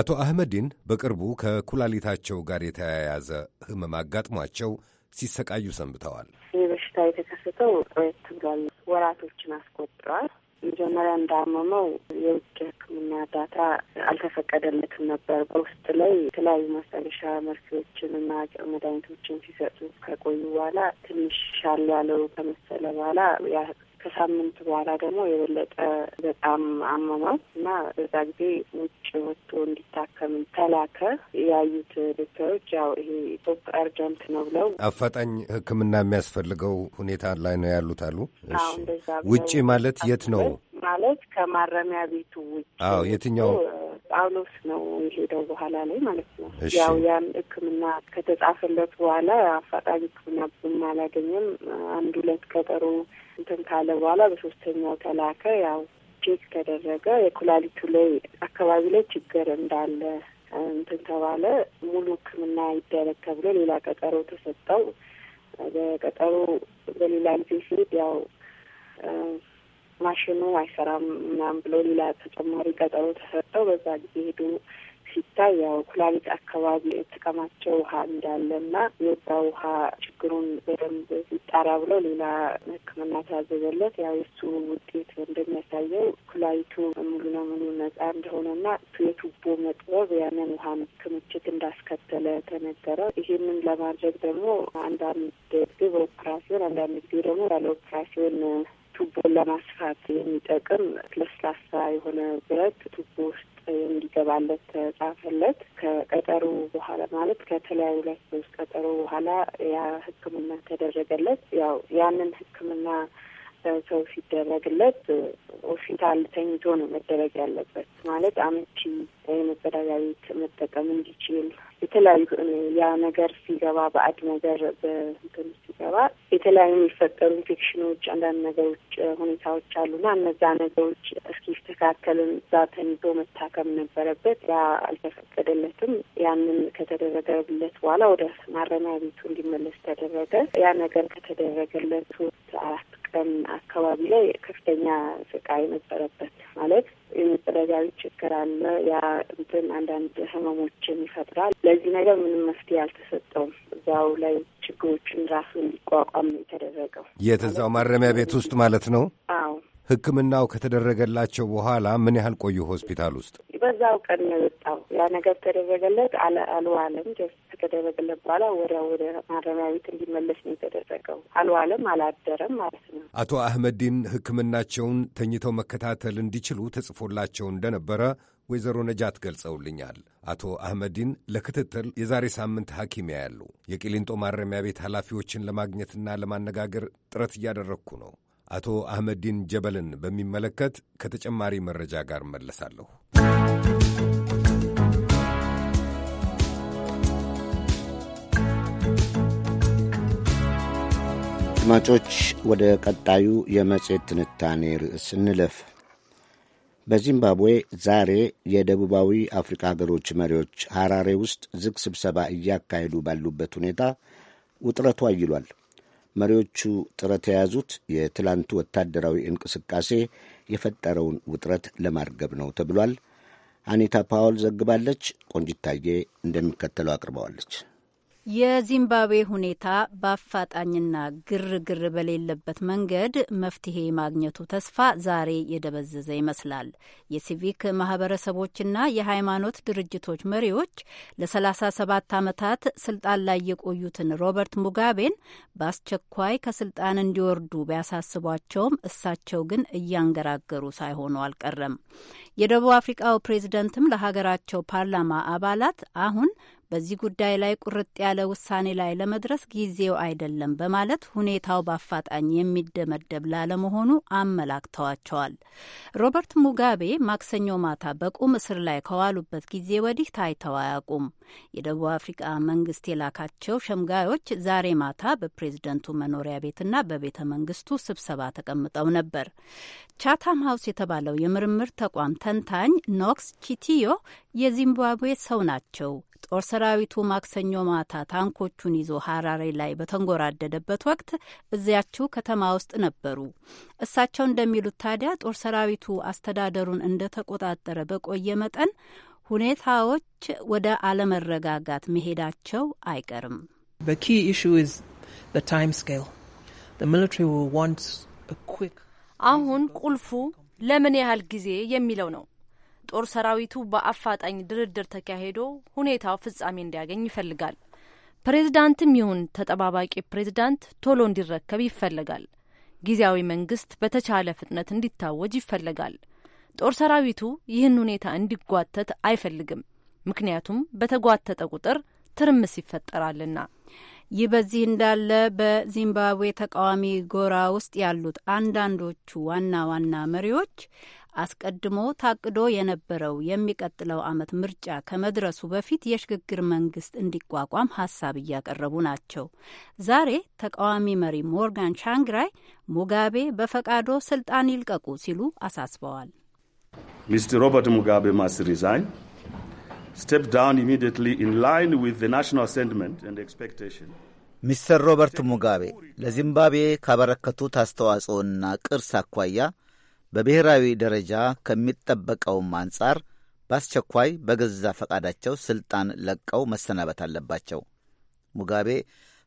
አቶ አህመዲን በቅርቡ ከኩላሊታቸው ጋር የተያያዘ ህመም አጋጥሟቸው ሲሰቃዩ ሰንብተዋል። በሽታ የተከሰተው ቆየት ብሏል። ወራቶችን አስቆጥሯል መጀመሪያ እንዳመመው የውጭ ሕክምና እርዳታ አልተፈቀደለትም ነበር። በውስጥ ላይ የተለያዩ ማስታገሻ መርፌዎችን እና መድኃኒቶችን ሲሰጡ ከቆዩ በኋላ ትንሽ ሻል ያለው ከመሰለ በኋላ ከሳምንት በኋላ ደግሞ የበለጠ በጣም አመማት እና በዛ ጊዜ ውጭ ወጥቶ እንዲታከም ተላከ። ያዩት ዶክተሮች ያው ይሄ ፖፕ አርጀንት ነው ብለው አፋጣኝ ሕክምና የሚያስፈልገው ሁኔታ ላይ ነው ያሉት አሉ። ውጪ ማለት የት ነው? ማለት ከማረሚያ ቤቱ ውጭ። አዎ፣ የትኛው? ጳውሎስ ነው የሄደው በኋላ ላይ ማለት ነው። ያው ያን ህክምና ከተጻፈለት በኋላ አፋጣኝ ህክምና ብዙም አላገኘም። አንድ ሁለት ቀጠሮ እንትን ካለ በኋላ በሶስተኛው ተላከ። ያው ቼክ ተደረገ። የኩላሊቱ ላይ አካባቢ ላይ ችግር እንዳለ እንትን ተባለ። ሙሉ ሕክምና ይደረግ ተብሎ ሌላ ቀጠሮ ተሰጠው። በቀጠሮ በሌላ ጊዜ ሲሄድ ያው ማሽኑ አይሰራም ምናምን ብሎ ሌላ ተጨማሪ ቀጠሮ ተሰጠው። በዛ ጊዜ ሄዱ ሲታይ ያው ኩላሊት አካባቢ የተቀማቸው ውሀ እንዳለና የዛ ውሃ ችግሩን በደንብ ይጣራ ብለው ሌላ ሕክምና ታዘዘለት። ያው የሱ ውጤት እንደሚያሳየው ኩላሊቱ ሙሉ ለሙሉ ነጻ እንደሆነ እንደሆነና የቱቦ መጥበብ ያንን ውሃ ክምችት እንዳስከተለ ተነገረ። ይህንን ለማድረግ ደግሞ አንዳንድ ጊዜ በኦፕራሲዮን፣ አንዳንድ ጊዜ ደግሞ ያለ ኦፕራሲዮን ቱቦን ለማስፋት የሚጠቅም ለስላሳ የሆነ ብረት ቱቦ ውስጥ እንዲገባለት ተጻፈለት። ከቀጠሮ በኋላ ማለት ከተለያዩ ላይ ሶስት ቀጠሮ በኋላ ያ ሕክምና ተደረገለት። ያው ያንን ሕክምና ሰው ሲደረግለት ሆስፒታል ተኝቶ ነው መደረግ ያለበት። ማለት አመቺ የመጸዳጃ ቤት መጠቀም እንዲችል የተለያዩ ያ ነገር ሲገባ በአድ ነገር በእንትን ሲገባ የተለያዩ የሚፈጠሩ ኢንፌክሽኖች፣ አንዳንድ ነገሮች ሁኔታዎች አሉና እነዛ ነገሮች እስኪስተካከልን እዛ ተኝቶ መታከም ነበረበት። ያ አልተፈቀደለትም። ያንን ከተደረገለት በኋላ ወደ ማረሚያ ቤቱ እንዲመለስ ተደረገ። ያ ነገር ከተደረገለት ሶስት አራት ቀን አካባቢ ላይ ከፍተኛ ስቃይ ነበረበት ማለት የመጸዳጃዊ ችግር አለ። ያ እንትን አንዳንድ ህመሞችን ይፈጥራል። ለዚህ ነገር ምንም መፍትሄ አልተሰጠውም። እዛው ላይ ችግሮችን ራሱ እንዲቋቋም የተደረገው የት እዛው ማረሚያ ቤት ውስጥ ማለት ነው። አዎ ሕክምናው ከተደረገላቸው በኋላ ምን ያህል ቆዩ ሆስፒታል ውስጥ? በዛው ቀን ነው የወጣው። ያ ነገር ተደረገለት አልዋለም። ከተደረገለት በኋላ ወደ ወደ ማረሚያ ቤት እንዲመለስ ነው የተደረገው። አልዋለም፣ አላደረም ማለት ነው። አቶ አህመዲን ሕክምናቸውን ተኝተው መከታተል እንዲችሉ ተጽፎላቸው እንደነበረ ወይዘሮ ነጃት ገልጸውልኛል። አቶ አህመዲን ለክትትል የዛሬ ሳምንት ሐኪም ያያሉ። የቂሊንጦ ማረሚያ ቤት ኃላፊዎችን ለማግኘትና ለማነጋገር ጥረት እያደረግኩ ነው። አቶ አህመዲን ጀበልን በሚመለከት ከተጨማሪ መረጃ ጋር መለሳለሁ። አድማጮች፣ ወደ ቀጣዩ የመጽሔት ትንታኔ ርዕስ እንለፍ። በዚምባብዌ ዛሬ የደቡባዊ አፍሪካ ሀገሮች መሪዎች ሐራሬ ውስጥ ዝግ ስብሰባ እያካሄዱ ባሉበት ሁኔታ ውጥረቱ አይሏል። መሪዎቹ ጥረት የያዙት የትላንቱ ወታደራዊ እንቅስቃሴ የፈጠረውን ውጥረት ለማርገብ ነው ተብሏል። አኒታ ፓውል ዘግባለች። ቆንጅታዬ እንደሚከተለው አቅርበዋለች። የዚምባብዌ ሁኔታ በአፋጣኝና ግርግር በሌለበት መንገድ መፍትሄ ማግኘቱ ተስፋ ዛሬ የደበዘዘ ይመስላል። የሲቪክ ማህበረሰቦችና የሃይማኖት ድርጅቶች መሪዎች ለ37 ዓመታት ስልጣን ላይ የቆዩትን ሮበርት ሙጋቤን በአስቸኳይ ከስልጣን እንዲወርዱ ቢያሳስቧቸውም እሳቸው ግን እያንገራገሩ ሳይሆኑ አልቀረም። የደቡብ አፍሪቃው ፕሬዝደንትም ለሀገራቸው ፓርላማ አባላት አሁን በዚህ ጉዳይ ላይ ቁርጥ ያለ ውሳኔ ላይ ለመድረስ ጊዜው አይደለም በማለት ሁኔታው በአፋጣኝ የሚደመደብ ላለመሆኑ አመላክተዋቸዋል። ሮበርት ሙጋቤ ማክሰኞ ማታ በቁም እስር ላይ ከዋሉበት ጊዜ ወዲህ ታይተው አያውቁም። የደቡብ አፍሪቃ መንግስት የላካቸው ሸምጋዮች ዛሬ ማታ በፕሬዝደንቱ መኖሪያ ቤትና በቤተ መንግስቱ ስብሰባ ተቀምጠው ነበር። ቻታም ሀውስ የተባለው የምርምር ተቋም ተንታኝ ኖክስ ቺቲዮ የዚምባብዌ ሰው ናቸው። ጦር ሰራዊቱ ማክሰኞ ማታ ታንኮቹን ይዞ ሀራሬ ላይ በተንጎራደደበት ወቅት እዚያችው ከተማ ውስጥ ነበሩ። እሳቸው እንደሚሉት ታዲያ ጦር ሰራዊቱ አስተዳደሩን እንደተቆጣጠረ በቆየ መጠን ሁኔታዎች ወደ አለመረጋጋት መሄዳቸው አይቀርም። አሁን ቁልፉ ለምን ያህል ጊዜ የሚለው ነው። ጦር ሰራዊቱ በአፋጣኝ ድርድር ተካሂዶ ሁኔታው ፍጻሜ እንዲያገኝ ይፈልጋል። ፕሬዝዳንትም ይሁን ተጠባባቂ ፕሬዝዳንት ቶሎ እንዲረከብ ይፈልጋል። ጊዜያዊ መንግስት በተቻለ ፍጥነት እንዲታወጅ ይፈልጋል። ጦር ሰራዊቱ ይህን ሁኔታ እንዲጓተት አይፈልግም። ምክንያቱም በተጓተተ ቁጥር ትርምስ ይፈጠራልና። ይህ በዚህ እንዳለ በዚምባብዌ ተቃዋሚ ጎራ ውስጥ ያሉት አንዳንዶቹ ዋና ዋና መሪዎች አስቀድሞ ታቅዶ የነበረው የሚቀጥለው ዓመት ምርጫ ከመድረሱ በፊት የሽግግር መንግስት እንዲቋቋም ሀሳብ እያቀረቡ ናቸው። ዛሬ ተቃዋሚ መሪ ሞርጋን ሻንግራይ ሙጋቤ በፈቃዶ ስልጣን ይልቀቁ ሲሉ አሳስበዋል። Mr. Robert Mugabe must resign, step down immediately in line with the national sentiment and expectation. ሚስተር ሮበርት ሙጋቤ ለዚምባብዌ ካበረከቱት አስተዋጽኦና ቅርስ አኳያ በብሔራዊ ደረጃ ከሚጠበቀውም አንጻር በአስቸኳይ በገዛ ፈቃዳቸው ስልጣን ለቀው መሰናበት አለባቸው። ሙጋቤ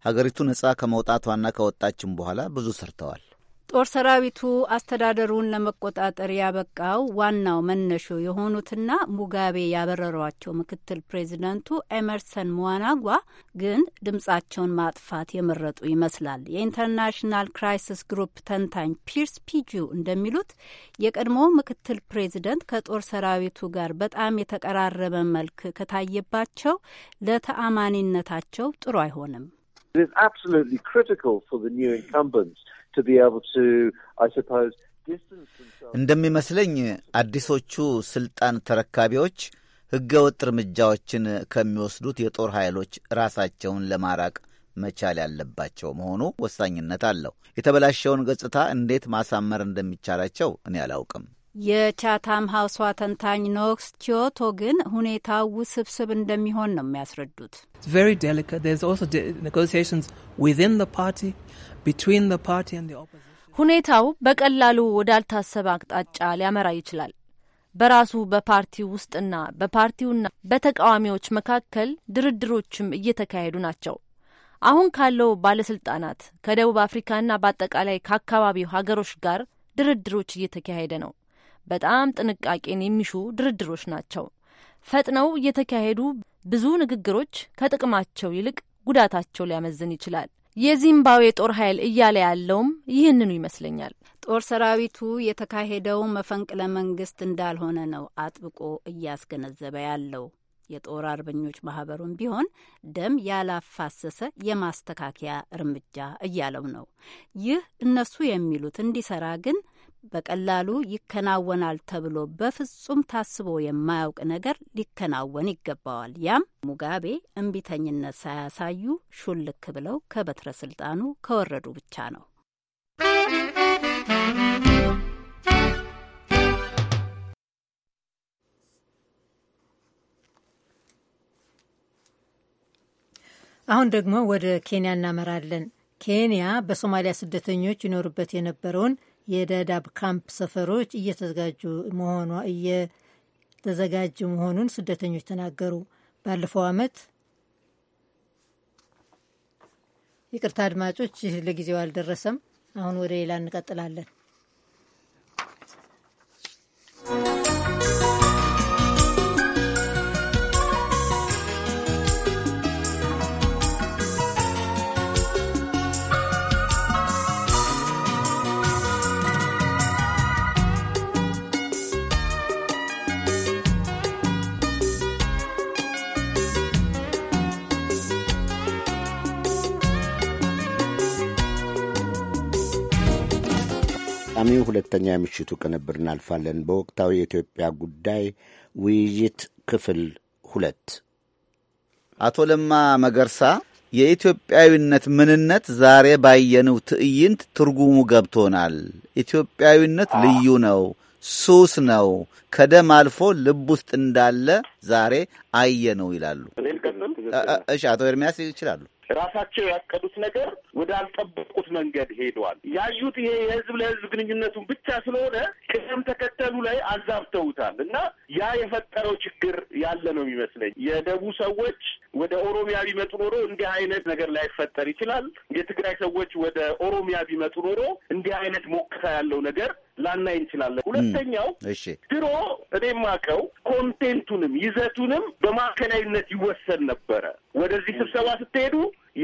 ሀገሪቱ ነጻ ከመውጣቷና ከወጣችም በኋላ ብዙ ሰርተዋል። ጦር ሰራዊቱ አስተዳደሩን ለመቆጣጠር ያበቃው ዋናው መነሾ የሆኑትና ሙጋቤ ያበረሯቸው ምክትል ፕሬዚደንቱ ኤመርሰን ሙዋናጓ ግን ድምጻቸውን ማጥፋት የመረጡ ይመስላል። የኢንተርናሽናል ክራይሲስ ግሩፕ ተንታኝ ፒርስ ፒጂ እንደሚሉት የቀድሞ ምክትል ፕሬዚደንት ከጦር ሰራዊቱ ጋር በጣም የተቀራረበ መልክ ከታየባቸው ለተአማኒነታቸው ጥሩ አይሆንም። It is absolutely critical for the new incumbents እንደሚመስለኝ አዲሶቹ ስልጣን ተረካቢዎች ሕገ ወጥ እርምጃዎችን ከሚወስዱት የጦር ኃይሎች ራሳቸውን ለማራቅ መቻል ያለባቸው መሆኑ ወሳኝነት አለው። የተበላሸውን ገጽታ እንዴት ማሳመር እንደሚቻላቸው እኔ አላውቅም። የቻታም ሀውሷ ተንታኝ ኖክስ ኪዮቶ ግን ሁኔታው ውስብስብ እንደሚሆን ነው የሚያስረዱት። ሁኔታው በቀላሉ ወዳልታሰበ አቅጣጫ ሊያመራ ይችላል። በራሱ በፓርቲው ውስጥና በፓርቲውና በተቃዋሚዎች መካከል ድርድሮችም እየተካሄዱ ናቸው። አሁን ካለው ባለስልጣናት ከደቡብ አፍሪካና በአጠቃላይ ከአካባቢው ሀገሮች ጋር ድርድሮች እየተካሄደ ነው። በጣም ጥንቃቄን የሚሹ ድርድሮች ናቸው። ፈጥነው እየተካሄዱ ብዙ ንግግሮች ከጥቅማቸው ይልቅ ጉዳታቸው ሊያመዝን ይችላል። የዚምባብዌ ጦር ኃይል እያለ ያለውም ይህንኑ ይመስለኛል። ጦር ሰራዊቱ የተካሄደው መፈንቅለ መንግስት እንዳልሆነ ነው አጥብቆ እያስገነዘበ ያለው። የጦር አርበኞች ማህበሩም ቢሆን ደም ያላፋሰሰ የማስተካከያ እርምጃ እያለው ነው። ይህ እነሱ የሚሉት እንዲሰራ ግን በቀላሉ ይከናወናል ተብሎ በፍጹም ታስቦ የማያውቅ ነገር ሊከናወን ይገባዋል። ያም ሙጋቤ እምቢተኝነት ሳያሳዩ ሹልክ ብለው ከበትረ ስልጣኑ ከወረዱ ብቻ ነው። አሁን ደግሞ ወደ ኬንያ እናመራለን። ኬንያ በሶማሊያ ስደተኞች ይኖሩበት የነበረውን የዳዳብ ካምፕ ሰፈሮች እየተዘጋጁ መሆኗ እየተዘጋጀ መሆኑን ስደተኞች ተናገሩ። ባለፈው አመት ይቅርታ አድማጮች፣ ይህ ለጊዜው አልደረሰም። አሁን ወደ ሌላ እንቀጥላለን። ቀዳሚው ሁለተኛ የምሽቱ ቅንብር እናልፋለን። በወቅታዊ የኢትዮጵያ ጉዳይ ውይይት ክፍል ሁለት አቶ ለማ መገርሳ የኢትዮጵያዊነት ምንነት ዛሬ ባየነው ትዕይንት ትርጉሙ ገብቶናል። ኢትዮጵያዊነት ልዩ ነው፣ ሱስ ነው፣ ከደም አልፎ ልብ ውስጥ እንዳለ ዛሬ አየነው ይላሉ። እሺ አቶ ኤርሚያስ ይችላሉ። ራሳቸው ያቀዱት ነገር ወዳልጠበቁት መንገድ ሄደዋል። ያዩት ይሄ የህዝብ ለህዝብ ግንኙነቱን ብቻ ስለሆነ ቅደም ተከተሉ ላይ አዛብተውታል እና ያ የፈጠረው ችግር ያለ ነው የሚመስለኝ። የደቡብ ሰዎች ወደ ኦሮሚያ ቢመጡ ኖሮ እንዲህ አይነት ነገር ላይፈጠር ይችላል። የትግራይ ሰዎች ወደ ኦሮሚያ ቢመጡ ኖሮ እንዲህ አይነት ሞቅታ ያለው ነገር ላናይ እንችላለን። ሁለተኛው ድሮ እኔ የማውቀው ኮንቴንቱንም ይዘቱንም በማዕከላዊነት ይወሰን ነበረ። ወደዚህ ስብሰባ ስትሄዱ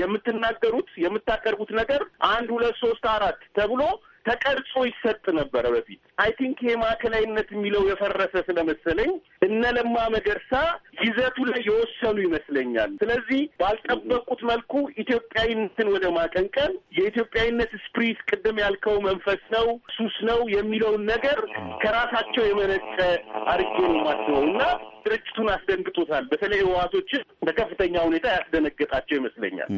የምትናገሩት የምታቀርቡት ነገር አንድ ሁለት ሶስት አራት ተብሎ ተቀርጾ ይሰጥ ነበረ በፊት። አይ ቲንክ ይሄ ማዕከላዊነት የሚለው የፈረሰ ስለመሰለኝ እነ ለማ መገርሳ ይዘቱ ላይ የወሰኑ ይመስለኛል። ስለዚህ ባልጠበቁት መልኩ ኢትዮጵያዊነትን ወደ ማቀንቀን የኢትዮጵያዊነት ስፕሪት ቅድም ያልከው መንፈስ ነው፣ ሱስ ነው የሚለውን ነገር ከራሳቸው የመነጨ አድርጌ ነው የማስበው እና ድርጅቱን አስደንግጦታል። በተለይ ህወሀቶችን በከፍተኛ ሁኔታ ያስደነገጣቸው ይመስለኛል።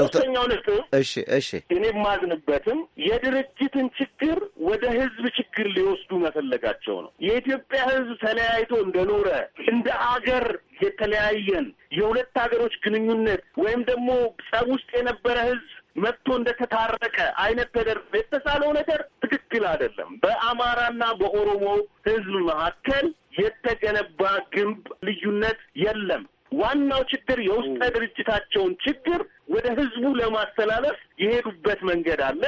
ሶስተኛው ነጥብ እሺ እሺ እኔ ማዝንበትም የድርጅትን ችግር ወደ ህዝብ ችግር ሊወስዱ መፈለጋቸው ነው። የኢትዮጵያ ህዝብ ተለያይቶ እንደኖረ እንደ አገር የተለያየን የሁለት ሀገሮች ግንኙነት ወይም ደግሞ ጸብ ውስጥ የነበረ ህዝብ መጥቶ እንደተታረቀ አይነት ተደርጎ የተሳለው ነገር ትክክል አይደለም። በአማራና በኦሮሞ ህዝብ መካከል የተገነባ ግንብ ልዩነት የለም። ዋናው ችግር የውስጠ ድርጅታቸውን ችግር ወደ ህዝቡ ለማስተላለፍ የሄዱበት መንገድ አለ።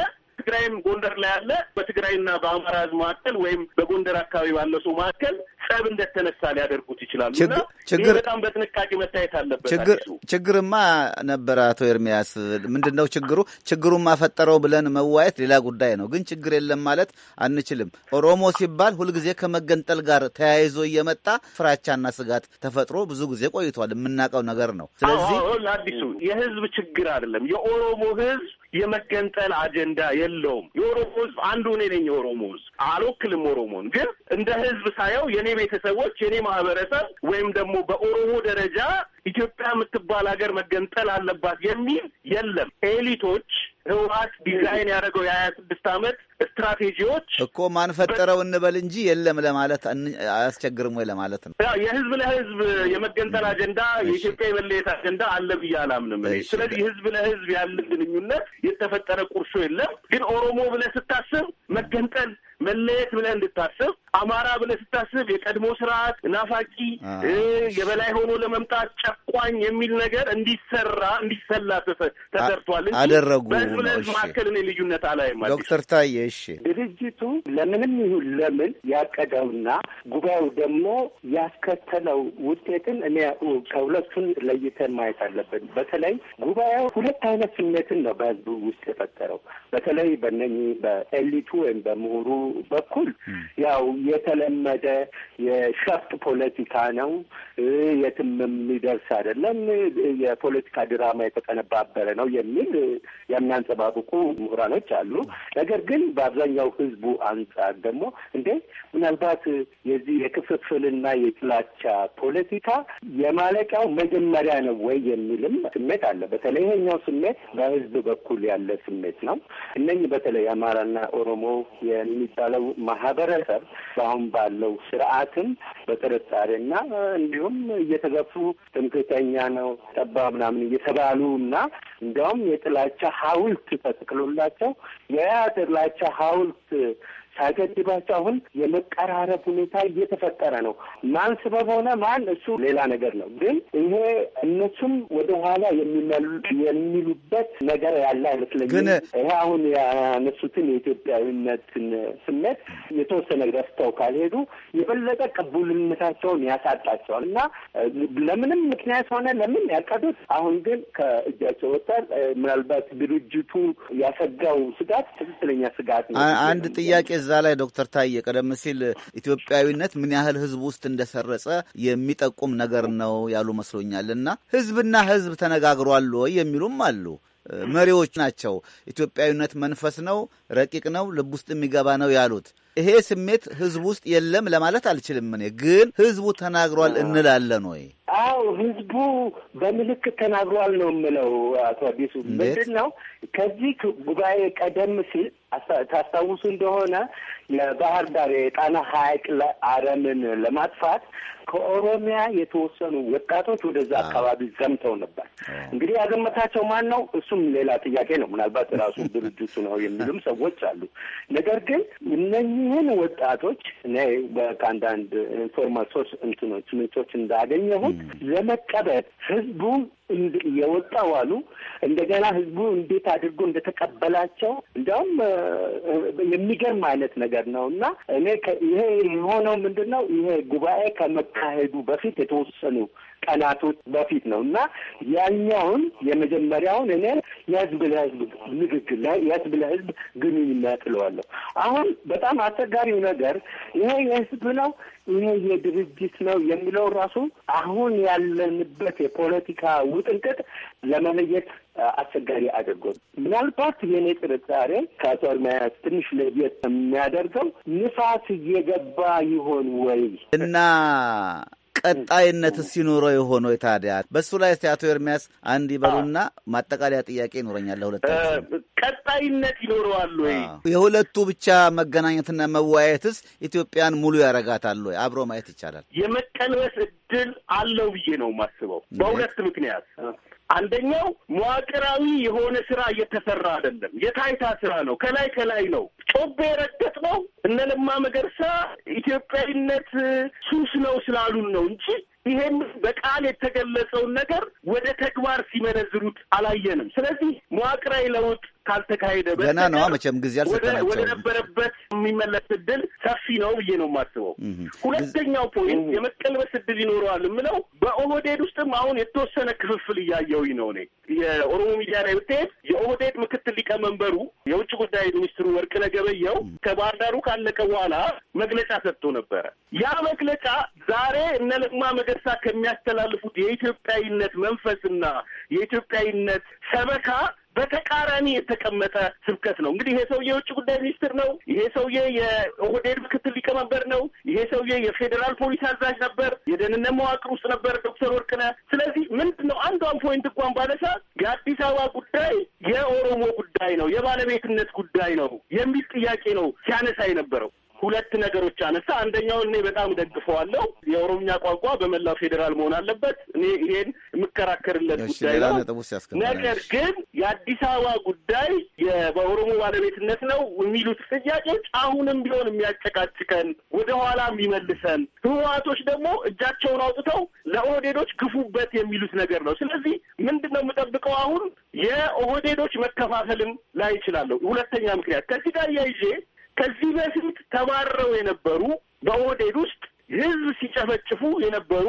ትግራይም ጎንደር ላይ አለ። በትግራይና በአማራ መካከል ወይም በጎንደር አካባቢ ባለው ሰው መካከል ጸብ እንደተነሳ ሊያደርጉት ይችላሉ እና ይህ በጣም በጥንቃቄ መታየት አለበት። ችግርማ ነበረ። አቶ ኤርሚያስ ምንድን ነው ችግሩ? ችግሩን ማፈጠረው ብለን መዋየት ሌላ ጉዳይ ነው፣ ግን ችግር የለም ማለት አንችልም። ኦሮሞ ሲባል ሁልጊዜ ከመገንጠል ጋር ተያይዞ እየመጣ ፍራቻና ስጋት ተፈጥሮ ብዙ ጊዜ ቆይቷል። የምናውቀው ነገር ነው። ስለዚህ አዲሱ የህዝብ ችግር አይደለም። የኦሮሞ ህዝብ የመገንጠል አጀንዳ የለውም። የኦሮሞ ህዝብ አንዱ እኔ ነኝ። የኦሮሞ ህዝብ አልወክልም። ኦሮሞን ግን እንደ ህዝብ ሳየው የኔ ቤተሰቦች፣ የኔ ማህበረሰብ ወይም ደግሞ በኦሮሞ ደረጃ ኢትዮጵያ የምትባል ሀገር መገንጠል አለባት የሚል የለም። ኤሊቶች ህወሀት ዲዛይን ያደረገው የሀያ ስድስት አመት ስትራቴጂዎች እኮ ማንፈጠረው እንበል እንጂ የለም ለማለት አያስቸግርም ወይ ለማለት ነው። የህዝብ ለህዝብ የመገንጠል አጀንዳ የኢትዮጵያ የመለየት አጀንዳ አለ ብዬ አላምንም። ስለዚህ ህዝብ ለህዝብ ያለ ግንኙነት የተፈጠረ ቁርሾ የለም። ግን ኦሮሞ ብለህ ስታስብ መገንጠል መለየት ብለህ እንድታስብ አማራ ብለህ ስታስብ የቀድሞ ስርዓት ናፋቂ፣ የበላይ ሆኖ ለመምጣት ጨቋኝ የሚል ነገር እንዲሰራ እንዲሰላ ተሰርቷል እ አደረጉ በህዝብ ለህዝብ መካከል እኔ ልዩነት አላይም። ዶክተር ታዬ እሺ፣ ድርጅቱ ለምንም ይሁን ለምን ያቀደውና ጉባኤው ደግሞ ያስከተለው ውጤትን እኔ ከሁለቱን ለይተን ማየት አለብን። በተለይ ጉባኤው ሁለት አይነት ስሜትን ነው በህዝቡ ውስጥ የፈጠረው። በተለይ በነኚህ በኤሊቱ ወይም በምሁሩ በኩል ያው የተለመደ የሸፍጥ ፖለቲካ ነው። የትም የሚደርስ አይደለም። የፖለቲካ ድራማ የተቀነባበረ ነው የሚል የሚያንጸባርቁ ምሁራኖች አሉ። ነገር ግን በአብዛኛው ህዝቡ አንጻር ደግሞ እንዴ ምናልባት የዚህ የክፍፍልና የጥላቻ ፖለቲካ የማለቂያው መጀመሪያ ነው ወይ የሚልም ስሜት አለ። በተለይ ይሄኛው ስሜት በህዝብ በኩል ያለ ስሜት ነው። እነኝህ በተለይ አማራና ኦሮሞ የሚ የሚባለው ማህበረሰብ አሁን ባለው ስርዓትም በጥርጣሬና እንዲሁም እየተገፉ ትምክህተኛ ነው ጠባ ምናምን እየተባሉ እና እንዲያውም የጥላቻ ሀውልት ተተክሎላቸው የያ ጥላቻ ሀውልት ሳይገድባቸው አሁን የመቀራረብ ሁኔታ እየተፈጠረ ነው። ማን ስበብ ሆነ ማን እሱ ሌላ ነገር ነው። ግን ይሄ እነሱም ወደኋላ የሚሉበት ነገር ያለ አይመስለኝም። ይሄ አሁን ያነሱትን የኢትዮጵያዊነትን ስሜት የተወሰነ ገፍተው ካልሄዱ የበለጠ ቅቡልነታቸውን ያሳጣቸዋል እና ለምንም ምክንያት ሆነ ለምን ያቀዱት አሁን ግን ከእጃቸው ወጣል። ምናልባት ድርጅቱ ያሰጋው ስጋት ትክክለኛ ስጋት ነው። አንድ ጥያቄ እዛ ላይ ዶክተር ታዬ ቀደም ሲል ኢትዮጵያዊነት ምን ያህል ህዝብ ውስጥ እንደሰረጸ የሚጠቁም ነገር ነው ያሉ መስሎኛል። እና ህዝብና ህዝብ ተነጋግሯል ወይ የሚሉም አሉ። መሪዎች ናቸው ኢትዮጵያዊነት መንፈስ ነው፣ ረቂቅ ነው፣ ልብ ውስጥ የሚገባ ነው ያሉት። ይሄ ስሜት ህዝብ ውስጥ የለም ለማለት አልችልም እኔ ግን ህዝቡ ተናግሯል እንላለን ወይ? አው ህዝቡ በምልክት ተናግሯል ነው የምለው። አቶ አዲሱ ምንድን ነው ከዚህ ጉባኤ ቀደም ሲል ታስታውሱ እንደሆነ የባህር ዳር የጣና ሐይቅ አረምን ለማጥፋት ከኦሮሚያ የተወሰኑ ወጣቶች ወደዛ አካባቢ ዘምተው ነበር። እንግዲህ ያዘመታቸው ማን ነው? እሱም ሌላ ጥያቄ ነው። ምናልባት ራሱ ድርጅቱ ነው የሚሉም ሰዎች አሉ። ነገር ግን እነኝህን ወጣቶች እኔ ከአንዳንድ ኢንፎርማል ሶርስ እንትኖች ምንጮች እንዳገኘሁት ለመቀበል ህዝቡን የወጣው አሉ። እንደገና ህዝቡ እንዴት አድርጎ እንደተቀበላቸው እንዲያውም የሚገርም አይነት ነገር ነው እና እኔ ይሄ የሆነው ምንድን ነው ይሄ ጉባኤ ከመካሄዱ በፊት የተወሰኑ ቀናቶች በፊት ነው እና ያኛውን የመጀመሪያውን እኔ የህዝብ ለህዝብ ንግግር የህዝብ ለህዝብ ግንኙነት እለዋለሁ። አሁን በጣም አስቸጋሪው ነገር ይሄ የህዝብ ነው ይሄ የድርጅት ነው የሚለው ራሱ አሁን ያለንበት የፖለቲካ ውጥንቅጥ ለመለየት አስቸጋሪ አድርጎት። ምናልባት የኔ ጥርጣሬ ከአቶ አርማያስ ትንሽ ለየት የሚያደርገው ንፋስ እየገባ ይሆን ወይ እና ቀጣይነት ሲኖረው የሆነው ታዲያ በእሱ ላይ እስቲ አቶ ኤርሚያስ አንድ ይበሉና ማጠቃለያ ጥያቄ ይኖረኛል። ለሁለት ቀጣይነት ይኖረዋል ወይ? የሁለቱ ብቻ መገናኘትና መወያየትስ ኢትዮጵያን ሙሉ ያረጋታል ወይ? አብሮ ማየት ይቻላል። የመቀልበስ እድል አለው ብዬ ነው የማስበው በሁለት ምክንያት አንደኛው መዋቅራዊ የሆነ ስራ እየተሰራ አይደለም። የታይታ ስራ ነው። ከላይ ከላይ ነው። ጮቤ የረገጥ ነው። እነ ለማ መገርሳ ኢትዮጵያዊነት ሱስ ነው ስላሉን ነው እንጂ ይሄን በቃል የተገለጸውን ነገር ወደ ተግባር ሲመነዝሩት አላየንም። ስለዚህ መዋቅራዊ ለውጥ ካልተካሄደ ገና ነው መቼም ጊዜ አልሰጠናቸውም። ወደ ነበረበት የሚመለስ እድል ሰፊ ነው ብዬ ነው የማስበው። ሁለተኛው ፖይንት የመቀልበስ እድል ይኖረዋል የምለው በኦህዴድ ውስጥም አሁን የተወሰነ ክፍፍል እያየው ነው እኔ የኦሮሞ ሚዲያ ላይ ብትሄድ የኦህዴድ ምክትል ሊቀመንበሩ የውጭ ጉዳይ ሚኒስትሩ ወርቅነህ ገበየሁ ከባህርዳሩ ካለቀ በኋላ መግለጫ ሰጥቶ ነበረ። ያ መግለጫ ዛሬ እነ ለቅማ መገርሳ ከሚያስተላልፉት የኢትዮጵያዊነት መንፈስና የኢትዮጵያዊነት ሰበካ በተቃራኒ የተቀመጠ ስብከት ነው። እንግዲህ ይሄ ሰውዬ የውጭ ጉዳይ ሚኒስትር ነው። ይሄ ሰውዬ የኦህዴድ ምክትል ሊቀመንበር ነው። ይሄ ሰውዬ የፌዴራል ፖሊስ አዛዥ ነበር። የደህንነት መዋቅር ውስጥ ነበር ዶክተር ወርቅነህ። ስለዚህ ምንድን ነው አንዷን ፖይንት እንኳን ባነሳ የአዲስ አበባ ጉዳይ የኦሮሞ ጉዳይ ነው፣ የባለቤትነት ጉዳይ ነው የሚል ጥያቄ ነው ሲያነሳ የነበረው። ሁለት ነገሮች አነሳ። አንደኛው እኔ በጣም ደግፈዋለሁ። የኦሮምኛ ቋንቋ በመላው ፌዴራል መሆን አለበት። እኔ ይሄን የምከራከርለት ጉዳይ ነው። ነገር ግን የአዲስ አበባ ጉዳይ በኦሮሞ ባለቤትነት ነው የሚሉት ጥያቄዎች አሁንም ቢሆን የሚያጨቃጭቀን ወደኋላ የሚመልሰን፣ ህወሓቶች ደግሞ እጃቸውን አውጥተው ለኦህዴዶች ግፉበት የሚሉት ነገር ነው። ስለዚህ ምንድን ነው የምጠብቀው? አሁን የኦህዴዶች መከፋፈልን ላይ ይችላለሁ። ሁለተኛ ምክንያት ከዚህ ጋር እያይዤ ከዚህ በፊት ተባረው የነበሩ በኦህዴድ ውስጥ ህዝብ ሲጨፈጭፉ የነበሩ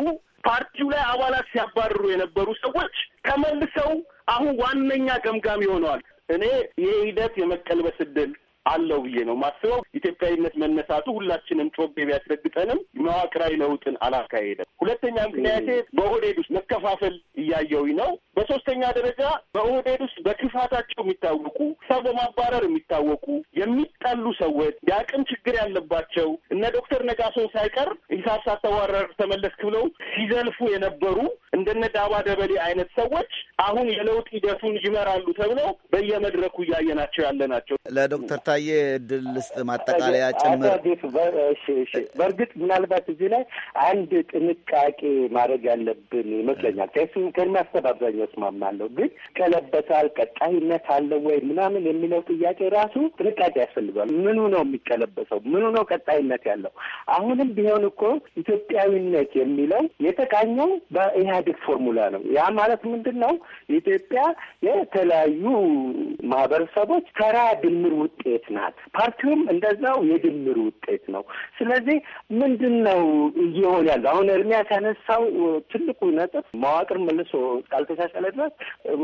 ፓርቲው ላይ አባላት ሲያባርሩ የነበሩ ሰዎች ተመልሰው አሁን ዋነኛ ገምጋሚ ሆነዋል። እኔ የሂደት የመቀልበስ ድል አለው ብዬ ነው ማስበው። ኢትዮጵያዊነት መነሳቱ ሁላችንም ጮቤ ቢያስረግጠንም መዋቅራዊ ለውጥን አላካሄደም። ሁለተኛ ምክንያቴ በኦህዴድ ውስጥ መከፋፈል እያየው ነው። በሶስተኛ ደረጃ በኦህዴድ ውስጥ በክፋታቸው የሚታወቁ ሰው በማባረር የሚታወቁ የሚጠሉ ሰዎች፣ የአቅም ችግር ያለባቸው እነ ዶክተር ነጋሶን ሳይቀር ሂሳብ ሳተዋረር ተመለስክ ብለው ሲዘልፉ የነበሩ እንደነ ዳባ ደበሌ አይነት ሰዎች አሁን የለውጥ ሂደቱን ይመራሉ ተብለው በየመድረኩ እያየናቸው ያለ ናቸው። ለዶክተር ታዬ እድል ስጥ ማጠቃለያ ጭምር። በእርግጥ ምናልባት እዚህ ላይ አንድ ጥንቃቄ ማድረግ ያለብን ይመስለኛል። ከሚያሰብ አብዛኛው እስማማለሁ፣ ግን ይቀለበሳል፣ ቀጣይነት አለው ወይ ምናምን የሚለው ጥያቄ ራሱ ጥንቃቄ ያስፈልገዋል። ምኑ ነው የሚቀለበሰው? ምኑ ነው ቀጣይነት ያለው? አሁንም ቢሆን እኮ ኢትዮጵያዊነት የሚለው የተቃኘው በኢህአዴግ ፎርሙላ ነው። ያ ማለት ምንድን ነው? ኢትዮጵያ የተለያዩ ማህበረሰቦች ተራ ድምር ውጤት ውጤት ናት። ፓርቲውም እንደዛው የድምር ውጤት ነው። ስለዚህ ምንድን ነው እየሆን ያለው? አሁን እርሚያስ ያነሳው ትልቁ ነጥብ መዋቅር መልሶ ካልተሻሻለ ድረስ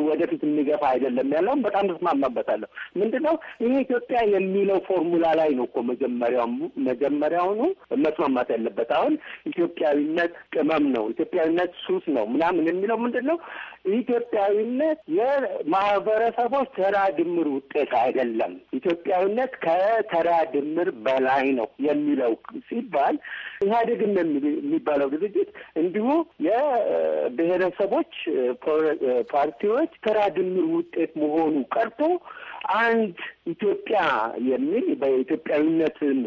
ወደፊት የሚገፋ አይደለም ያለውም በጣም ተስማማበታለሁ። ምንድን ነው ይህ ኢትዮጵያ የሚለው ፎርሙላ ላይ ነው እኮ መጀመሪያው መጀመሪያውኑ መስማማት ያለበት። አሁን ኢትዮጵያዊነት ቅመም ነው፣ ኢትዮጵያዊነት ሱስ ነው ምናምን የሚለው ምንድን ነው? ኢትዮጵያዊነት የማህበረሰቦች ተራ ድምር ውጤት አይደለም። ኢትዮጵያዊ ስምምነት ከተራ ድምር በላይ ነው የሚለው ሲባል ኢህአዴግ የሚባለው ድርጅት እንዲሁ የብሔረሰቦች ፓርቲዎች ተራ ድምር ውጤት መሆኑ ቀርቶ አንድ ኢትዮጵያ የሚል በኢትዮጵያዊነትን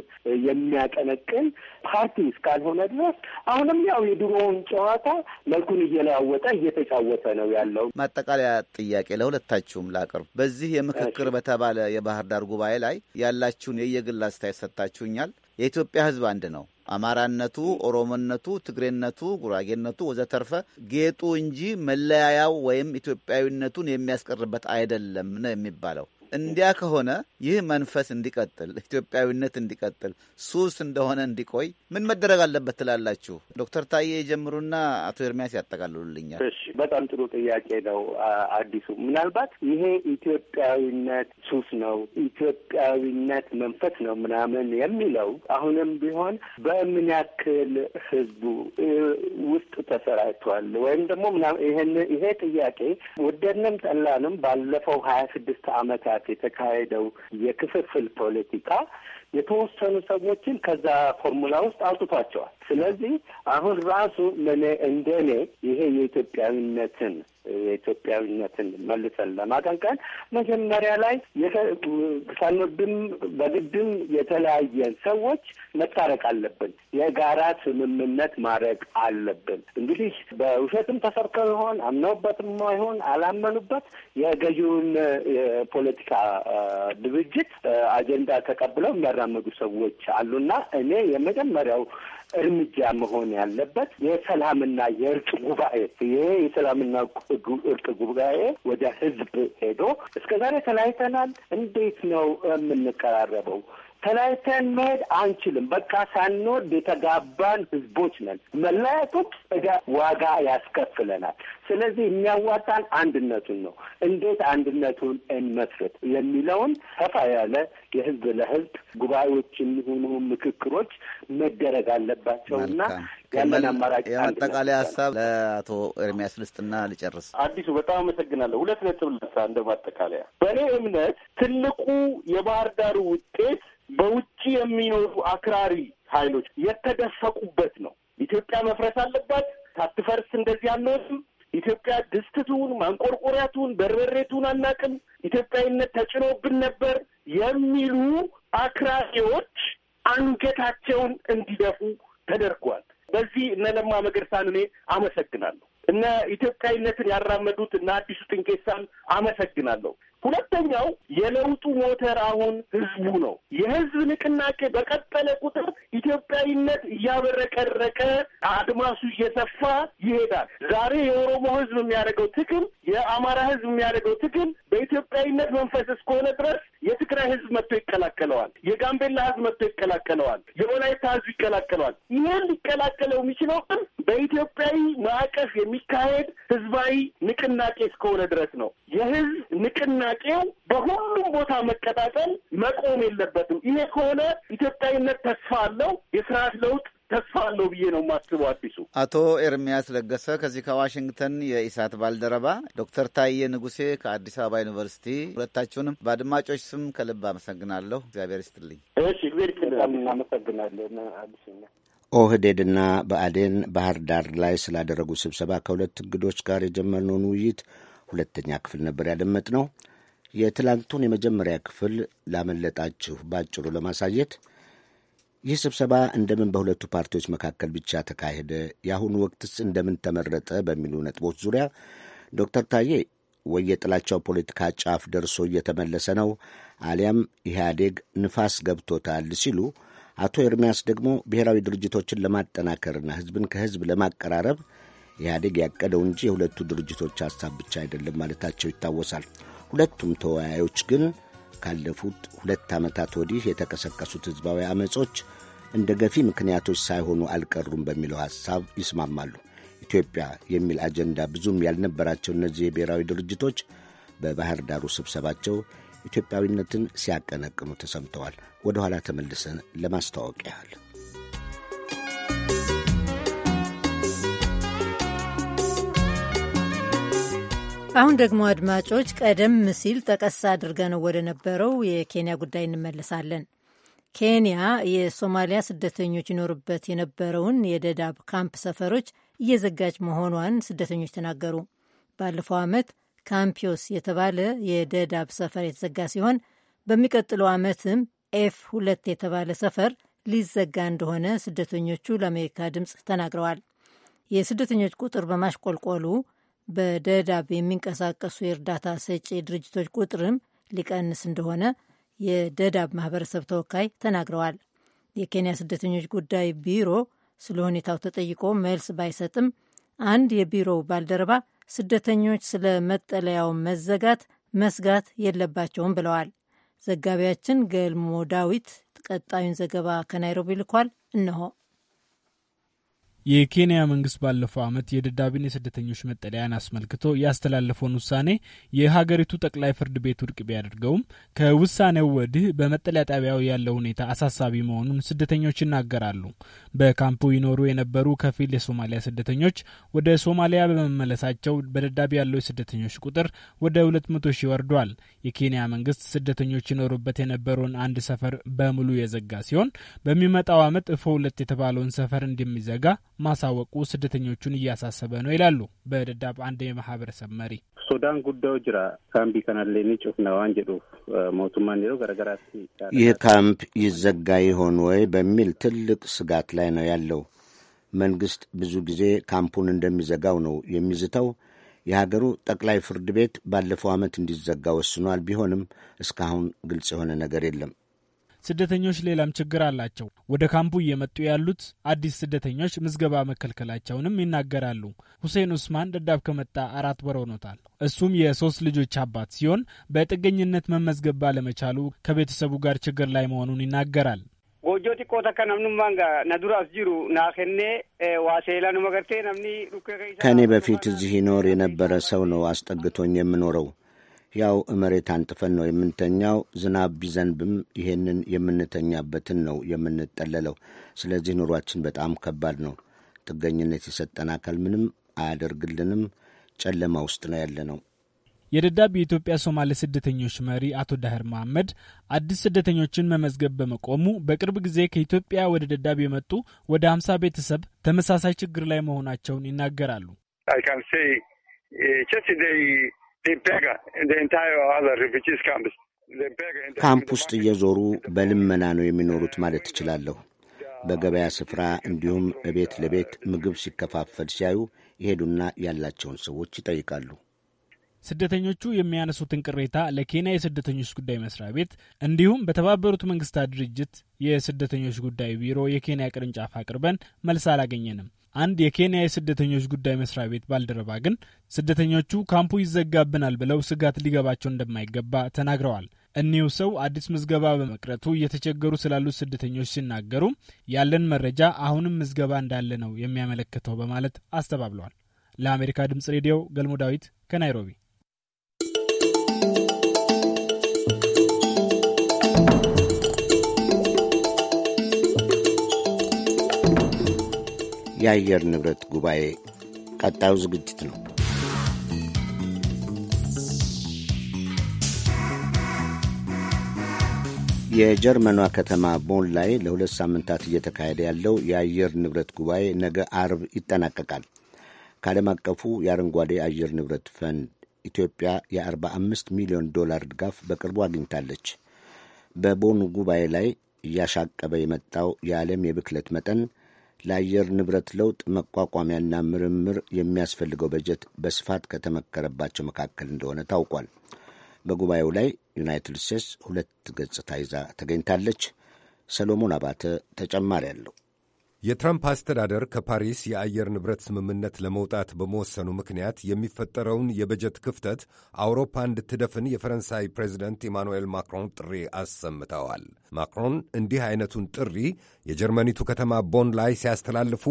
የሚያቀነቅን ፓርቲ እስካልሆነ ድረስ አሁንም ያው የድሮውን ጨዋታ መልኩን እየለዋወጠ እየተጫወተ ነው ያለው። ማጠቃለያ ጥያቄ ለሁለታችሁም ላቅርብ። በዚህ የምክክር በተባለ የባህር ዳር ጉባኤ ላይ ያላችሁን የየግል አስተያየት ሰጥታችሁኛል። የኢትዮጵያ ሕዝብ አንድ ነው። አማራነቱ፣ ኦሮሞነቱ፣ ትግሬነቱ፣ ጉራጌነቱ ወዘተርፈ ጌጡ እንጂ መለያያው ወይም ኢትዮጵያዊነቱን የሚያስቀርበት አይደለም ነው የሚባለው። እንዲያ ከሆነ ይህ መንፈስ እንዲቀጥል ኢትዮጵያዊነት እንዲቀጥል ሱስ እንደሆነ እንዲቆይ ምን መደረግ አለበት ትላላችሁ? ዶክተር ታዬ የጀምሩና አቶ ኤርሚያስ ያጠቃልሉልኛል። እሺ፣ በጣም ጥሩ ጥያቄ ነው አዲሱ። ምናልባት ይሄ ኢትዮጵያዊነት ሱስ ነው፣ ኢትዮጵያዊነት መንፈስ ነው ምናምን የሚለው አሁንም ቢሆን በምን ያክል ህዝቡ ውስጥ ተሰራጭቷል ወይም ደግሞ ይሄ ጥያቄ ወደንም ጠላንም ባለፈው ሀያ ስድስት አመታት ለማውጣት የተካሄደው የክፍፍል ፖለቲካ የተወሰኑ ሰዎችን ከዛ ፎርሙላ ውስጥ አውጥቷቸዋል። ስለዚህ አሁን ራሱ እኔ እንደኔ ይሄ የኢትዮጵያዊነትን የኢትዮጵያዊነትን መልሰን ለማቀንቀን መጀመሪያ ላይ ሳንወድም በግድም የተለያየን ሰዎች መታረቅ አለብን። የጋራ ስምምነት ማድረግ አለብን። እንግዲህ በውሸትም ተሰርተው ይሆን አምነውበትም ይሆን አላመኑበት የገዢውን የፖለቲካ ድርጅት አጀንዳ ተቀብለው የሚያራምዱ ሰዎች አሉና እኔ የመጀመሪያው እርምጃ መሆን ያለበት የሰላምና የእርቅ ጉባኤ። ይሄ የሰላምና እርቅ ጉባኤ ወደ ህዝብ ሄዶ እስከ ዛሬ ተለያይተናል፣ እንዴት ነው የምንቀራረበው? ተለያይተን መሄድ አንችልም። በቃ ሳንወድ የተጋባን ህዝቦች ነን። ጋ ዋጋ ያስከፍለናል። ስለዚህ የሚያዋጣን አንድነቱን ነው። እንዴት አንድነቱን እንመስረት የሚለውን ሰፋ ያለ የህዝብ ለህዝብ ጉባኤዎች የሚሆኑ ምክክሮች መደረግ አለባቸውና ያለን አማራጭ የማጠቃለያ ሀሳብ ለአቶ ኤርሚያስ ልስጥና ልጨርስ። አዲሱ በጣም አመሰግናለሁ። ሁለት ነጥብ ላንሳ እንደ ማጠቃለያ በእኔ እምነት ትልቁ የባህር ዳሩ ውጤት በውጭ የሚኖሩ አክራሪ ኃይሎች የተደፈቁበት ነው። ኢትዮጵያ መፍረስ አለባት። ሳትፈርስ እንደዚህ አንሆንም። ኢትዮጵያ ድስትቱን፣ ማንቆርቆሪያቱን፣ በርበሬቱን አናቅም። ኢትዮጵያዊነት ተጭኖብን ነበር የሚሉ አክራሪዎች አንገታቸውን እንዲደፉ ተደርጓል። በዚህ እነ ለማ መገርሳን እኔ አመሰግናለሁ። እነ ኢትዮጵያዊነትን ያራመዱት እነ አዲሱ ጥንቄሳን አመሰግናለሁ። ሁለተኛው የለውጡ ሞተር አሁን ህዝቡ ነው። የህዝብ ንቅናቄ በቀጠለ ቁጥር ኢትዮጵያዊነት እያበረቀረቀ አድማሱ እየሰፋ ይሄዳል። ዛሬ የኦሮሞ ህዝብ የሚያደርገው ትግል፣ የአማራ ህዝብ የሚያደርገው ትግል በኢትዮጵያዊነት መንፈስ እስከሆነ ድረስ የትግራይ ህዝብ መጥቶ ይቀላቀለዋል። የጋምቤላ ህዝብ መጥቶ ይቀላቀለዋል። የወላይታ ህዝብ ይቀላቀለዋል። ይህን ሊቀላቀለው የሚችለው ግን በኢትዮጵያዊ ማዕቀፍ የሚካሄድ ህዝባዊ ንቅናቄ እስከሆነ ድረስ ነው። የህዝብ ንቅና ጥያቄው በሁሉም ቦታ መቀጣጠል መቆም የለበትም። ይሄ ከሆነ ኢትዮጵያዊነት ተስፋ አለው፣ የስርዓት ለውጥ ተስፋ አለው ብዬ ነው የማስበው። አዲሱ አቶ ኤርሚያስ ለገሰ ከዚህ ከዋሽንግተን የኢሳት ባልደረባ፣ ዶክተር ታዬ ንጉሴ ከአዲስ አበባ ዩኒቨርሲቲ፣ ሁለታችሁንም በአድማጮች ስም ከልብ አመሰግናለሁ። እግዚአብሔር ይስጥልኝ። እሺ፣ እግዚአብሔር ይስጥልኝ። እናመሰግናለን። ኦህዴድና ብአዴን ባህር ዳር ላይ ስላደረጉ ስብሰባ ከሁለት እንግዶች ጋር የጀመርነውን ውይይት ሁለተኛ ክፍል ነበር ያደመጥነው። የትላንቱን የመጀመሪያ ክፍል ላመለጣችሁ ባጭሩ ለማሳየት ይህ ስብሰባ እንደምን በሁለቱ ፓርቲዎች መካከል ብቻ ተካሄደ፣ የአሁኑ ወቅትስ እንደምን ተመረጠ በሚሉ ነጥቦች ዙሪያ ዶክተር ታዬ ወይ የጥላቻው ፖለቲካ ጫፍ ደርሶ እየተመለሰ ነው አሊያም ኢህአዴግ ንፋስ ገብቶታል ሲሉ አቶ ኤርሚያስ ደግሞ ብሔራዊ ድርጅቶችን ለማጠናከርና ሕዝብን ከሕዝብ ለማቀራረብ ኢህአዴግ ያቀደው እንጂ የሁለቱ ድርጅቶች ሐሳብ ብቻ አይደለም ማለታቸው ይታወሳል። ሁለቱም ተወያዮች ግን ካለፉት ሁለት ዓመታት ወዲህ የተቀሰቀሱት ሕዝባዊ ዐመጾች እንደ ገፊ ምክንያቶች ሳይሆኑ አልቀሩም በሚለው ሐሳብ ይስማማሉ። ኢትዮጵያ የሚል አጀንዳ ብዙም ያልነበራቸው እነዚህ የብሔራዊ ድርጅቶች በባህር ዳሩ ስብሰባቸው ኢትዮጵያዊነትን ሲያቀነቅኑ ተሰምተዋል። ወደ ኋላ ተመልሰን ለማስታወቅ ያህል አሁን ደግሞ አድማጮች፣ ቀደም ሲል ጠቀስ አድርገን ወደ ነበረው የኬንያ ጉዳይ እንመለሳለን። ኬንያ የሶማሊያ ስደተኞች ይኖሩበት የነበረውን የደዳብ ካምፕ ሰፈሮች እየዘጋች መሆኗን ስደተኞች ተናገሩ። ባለፈው ዓመት ካምፒዮስ የተባለ የደዳብ ሰፈር የተዘጋ ሲሆን በሚቀጥለው ዓመትም ኤፍ ሁለት የተባለ ሰፈር ሊዘጋ እንደሆነ ስደተኞቹ ለአሜሪካ ድምፅ ተናግረዋል። የስደተኞች ቁጥር በማሽቆልቆሉ በደዳብ የሚንቀሳቀሱ የእርዳታ ሰጪ ድርጅቶች ቁጥርም ሊቀንስ እንደሆነ የደዳብ ማህበረሰብ ተወካይ ተናግረዋል። የኬንያ ስደተኞች ጉዳይ ቢሮ ስለ ሁኔታው ተጠይቆ መልስ ባይሰጥም አንድ የቢሮው ባልደረባ ስደተኞች ስለ መጠለያው መዘጋት መስጋት የለባቸውም ብለዋል። ዘጋቢያችን ገልሞ ዳዊት ቀጣዩን ዘገባ ከናይሮቢ ልኳል። እነሆ የኬንያ መንግስት ባለፈው ዓመት የደዳቢን የስደተኞች መጠለያን አስመልክቶ ያስተላለፈውን ውሳኔ የሀገሪቱ ጠቅላይ ፍርድ ቤት ውድቅ ቢያደርገውም ከውሳኔው ወዲህ በመጠለያ ጣቢያው ያለው ሁኔታ አሳሳቢ መሆኑን ስደተኞች ይናገራሉ። በካምፑ ይኖሩ የነበሩ ከፊል የሶማሊያ ስደተኞች ወደ ሶማሊያ በመመለሳቸው በደዳቢ ያለው የስደተኞች ቁጥር ወደ 200 መቶ ሺህ ወርዷል። የኬንያ መንግስት ስደተኞች ይኖሩበት የነበረውን አንድ ሰፈር በሙሉ የዘጋ ሲሆን በሚመጣው ዓመት እፎ ሁለት የተባለውን ሰፈር እንደሚዘጋ ማሳወቁ ስደተኞቹን እያሳሰበ ነው ይላሉ በደዳብ አንድ የማህበረሰብ መሪ። ሱዳን ጉዳዩ ጅራ ካምቢ ከናሌኒ ነዋን ጀዱ ሞቱማ ኒሮ ገረገራት ይህ ካምፕ ይዘጋ ይሆን ወይ በሚል ትልቅ ስጋት ላይ ነው ያለው። መንግስት ብዙ ጊዜ ካምፑን እንደሚዘጋው ነው የሚዝተው። የሀገሩ ጠቅላይ ፍርድ ቤት ባለፈው ዓመት እንዲዘጋ ወስኗል። ቢሆንም እስካሁን ግልጽ የሆነ ነገር የለም። ስደተኞች ሌላም ችግር አላቸው። ወደ ካምፑ እየመጡ ያሉት አዲስ ስደተኞች ምዝገባ መከልከላቸውንም ይናገራሉ። ሁሴን ኡስማን ደዳብ ከመጣ አራት ወር ሆኖታል። እሱም የሶስት ልጆች አባት ሲሆን በጥገኝነት መመዝገብ ባለመቻሉ ከቤተሰቡ ጋር ችግር ላይ መሆኑን ይናገራል። ጎጆ ተካ ዋሴላ ኑ መገርቴ ነምኒ ከእኔ በፊት እዚህ ይኖር የነበረ ሰው ነው አስጠግቶኝ የምኖረው ያው እመሬት አንጥፈን ነው የምንተኛው። ዝናብ ቢዘንብም ይሄንን የምንተኛበትን ነው የምንጠለለው። ስለዚህ ኑሯችን በጣም ከባድ ነው። ጥገኝነት የሰጠን አካል ምንም አያደርግልንም። ጨለማ ውስጥ ነው ያለ ነው። የደዳብ የኢትዮጵያ ሶማሌ ስደተኞች መሪ አቶ ዳህር መሐመድ አዲስ ስደተኞችን መመዝገብ በመቆሙ በቅርብ ጊዜ ከኢትዮጵያ ወደ ደዳብ የመጡ ወደ ሀምሳ ቤተሰብ ተመሳሳይ ችግር ላይ መሆናቸውን ይናገራሉ። ካምፕ ውስጥ እየዞሩ በልመና ነው የሚኖሩት ማለት እችላለሁ። በገበያ ስፍራ እንዲሁም ቤት ለቤት ምግብ ሲከፋፈል ሲያዩ ይሄዱና ያላቸውን ሰዎች ይጠይቃሉ። ስደተኞቹ የሚያነሱትን ቅሬታ ለኬንያ የስደተኞች ጉዳይ መስሪያ ቤት እንዲሁም በተባበሩት መንግስታት ድርጅት የስደተኞች ጉዳይ ቢሮ የኬንያ ቅርንጫፍ አቅርበን መልስ አላገኘንም። አንድ የኬንያ የስደተኞች ጉዳይ መስሪያ ቤት ባልደረባ ግን ስደተኞቹ ካምፑ ይዘጋብናል ብለው ስጋት ሊገባቸው እንደማይገባ ተናግረዋል። እኒሁ ሰው አዲስ ምዝገባ በመቅረቱ እየተቸገሩ ስላሉት ስደተኞች ሲናገሩ ያለን መረጃ አሁንም ምዝገባ እንዳለ ነው የሚያመለክተው በማለት አስተባብለዋል። ለአሜሪካ ድምጽ ሬዲዮ ገልሞ ዳዊት ከናይሮቢ የአየር ንብረት ጉባኤ ቀጣዩ ዝግጅት ነው። የጀርመኗ ከተማ ቦን ላይ ለሁለት ሳምንታት እየተካሄደ ያለው የአየር ንብረት ጉባኤ ነገ አርብ ይጠናቀቃል። ከዓለም አቀፉ የአረንጓዴ አየር ንብረት ፈንድ ኢትዮጵያ የ45 ሚሊዮን ዶላር ድጋፍ በቅርቡ አግኝታለች። በቦኑ ጉባኤ ላይ እያሻቀበ የመጣው የዓለም የብክለት መጠን ለአየር ንብረት ለውጥ መቋቋሚያና ምርምር የሚያስፈልገው በጀት በስፋት ከተመከረባቸው መካከል እንደሆነ ታውቋል። በጉባኤው ላይ ዩናይትድ ስቴትስ ሁለት ገጽታ ይዛ ተገኝታለች። ሰሎሞን አባተ ተጨማሪ አለው። የትራምፕ አስተዳደር ከፓሪስ የአየር ንብረት ስምምነት ለመውጣት በመወሰኑ ምክንያት የሚፈጠረውን የበጀት ክፍተት አውሮፓ እንድትደፍን የፈረንሳይ ፕሬዚደንት ኢማኑኤል ማክሮን ጥሪ አሰምተዋል። ማክሮን እንዲህ አይነቱን ጥሪ የጀርመኒቱ ከተማ ቦን ላይ ሲያስተላልፉ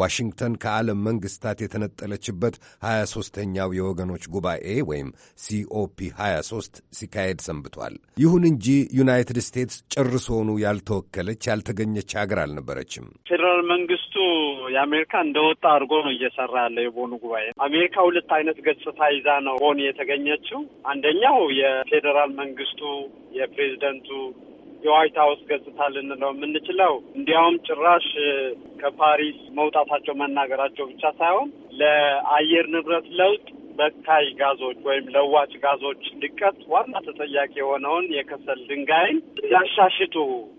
ዋሽንግተን ከዓለም መንግሥታት የተነጠለችበት 23 ተኛው የወገኖች ጉባኤ ወይም ሲኦፒ 23 ሲካሄድ ሰንብቷል። ይሁን እንጂ ዩናይትድ ስቴትስ ጭርሶኑ ያልተወከለች ያልተገኘች ሀገር አልነበረችም። ፌዴራል መንግስቱ የአሜሪካ እንደወጣ አድርጎ ነው እየሰራ ያለ የቦኑ ጉባኤ። አሜሪካ ሁለት አይነት ገጽታ ይዛ ነው ቦን የተገኘችው። አንደኛው የፌዴራል መንግስቱ የፕሬዚደንቱ የዋይት ሀውስ ገጽታ ልንለው የምንችለው እንዲያውም ጭራሽ ከፓሪስ መውጣታቸው መናገራቸው ብቻ ሳይሆን ለአየር ንብረት ለውጥ በካይ ጋዞች ወይም ለዋጭ ጋዞች ልቀት ዋና ተጠያቂ የሆነውን የከሰል ድንጋይን ያሻሽቱ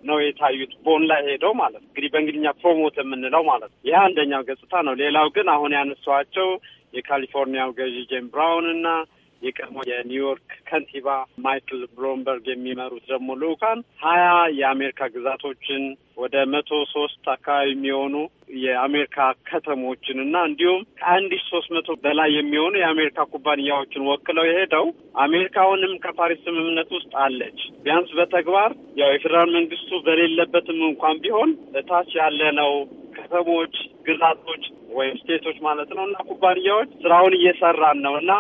ነው የታዩት። ቦን ላይ ሄደው ማለት ነው እንግዲህ በእንግሊኛ ፕሮሞት የምንለው ማለት ነው። ይህ አንደኛው ገጽታ ነው። ሌላው ግን አሁን ያነሷቸው የካሊፎርኒያው ገዢ ጄም ብራውን እና የቀድሞ የኒውዮርክ ከንቲባ ማይክል ብሎምበርግ የሚመሩት ደግሞ ልዑካን ሀያ የአሜሪካ ግዛቶችን ወደ መቶ ሶስት አካባቢ የሚሆኑ የአሜሪካ ከተሞችን እና እንዲሁም ከአንድ ሺ ሶስት መቶ በላይ የሚሆኑ የአሜሪካ ኩባንያዎችን ወክለው የሄደው አሜሪካውንም ከፓሪስ ስምምነት ውስጥ አለች። ቢያንስ በተግባር ያው የፌዴራል መንግስቱ በሌለበትም እንኳን ቢሆን እታች ያለ ነው ከተሞች፣ ግዛቶች ወይም ስቴቶች ማለት ነው እና ኩባንያዎች ስራውን እየሰራን ነው እና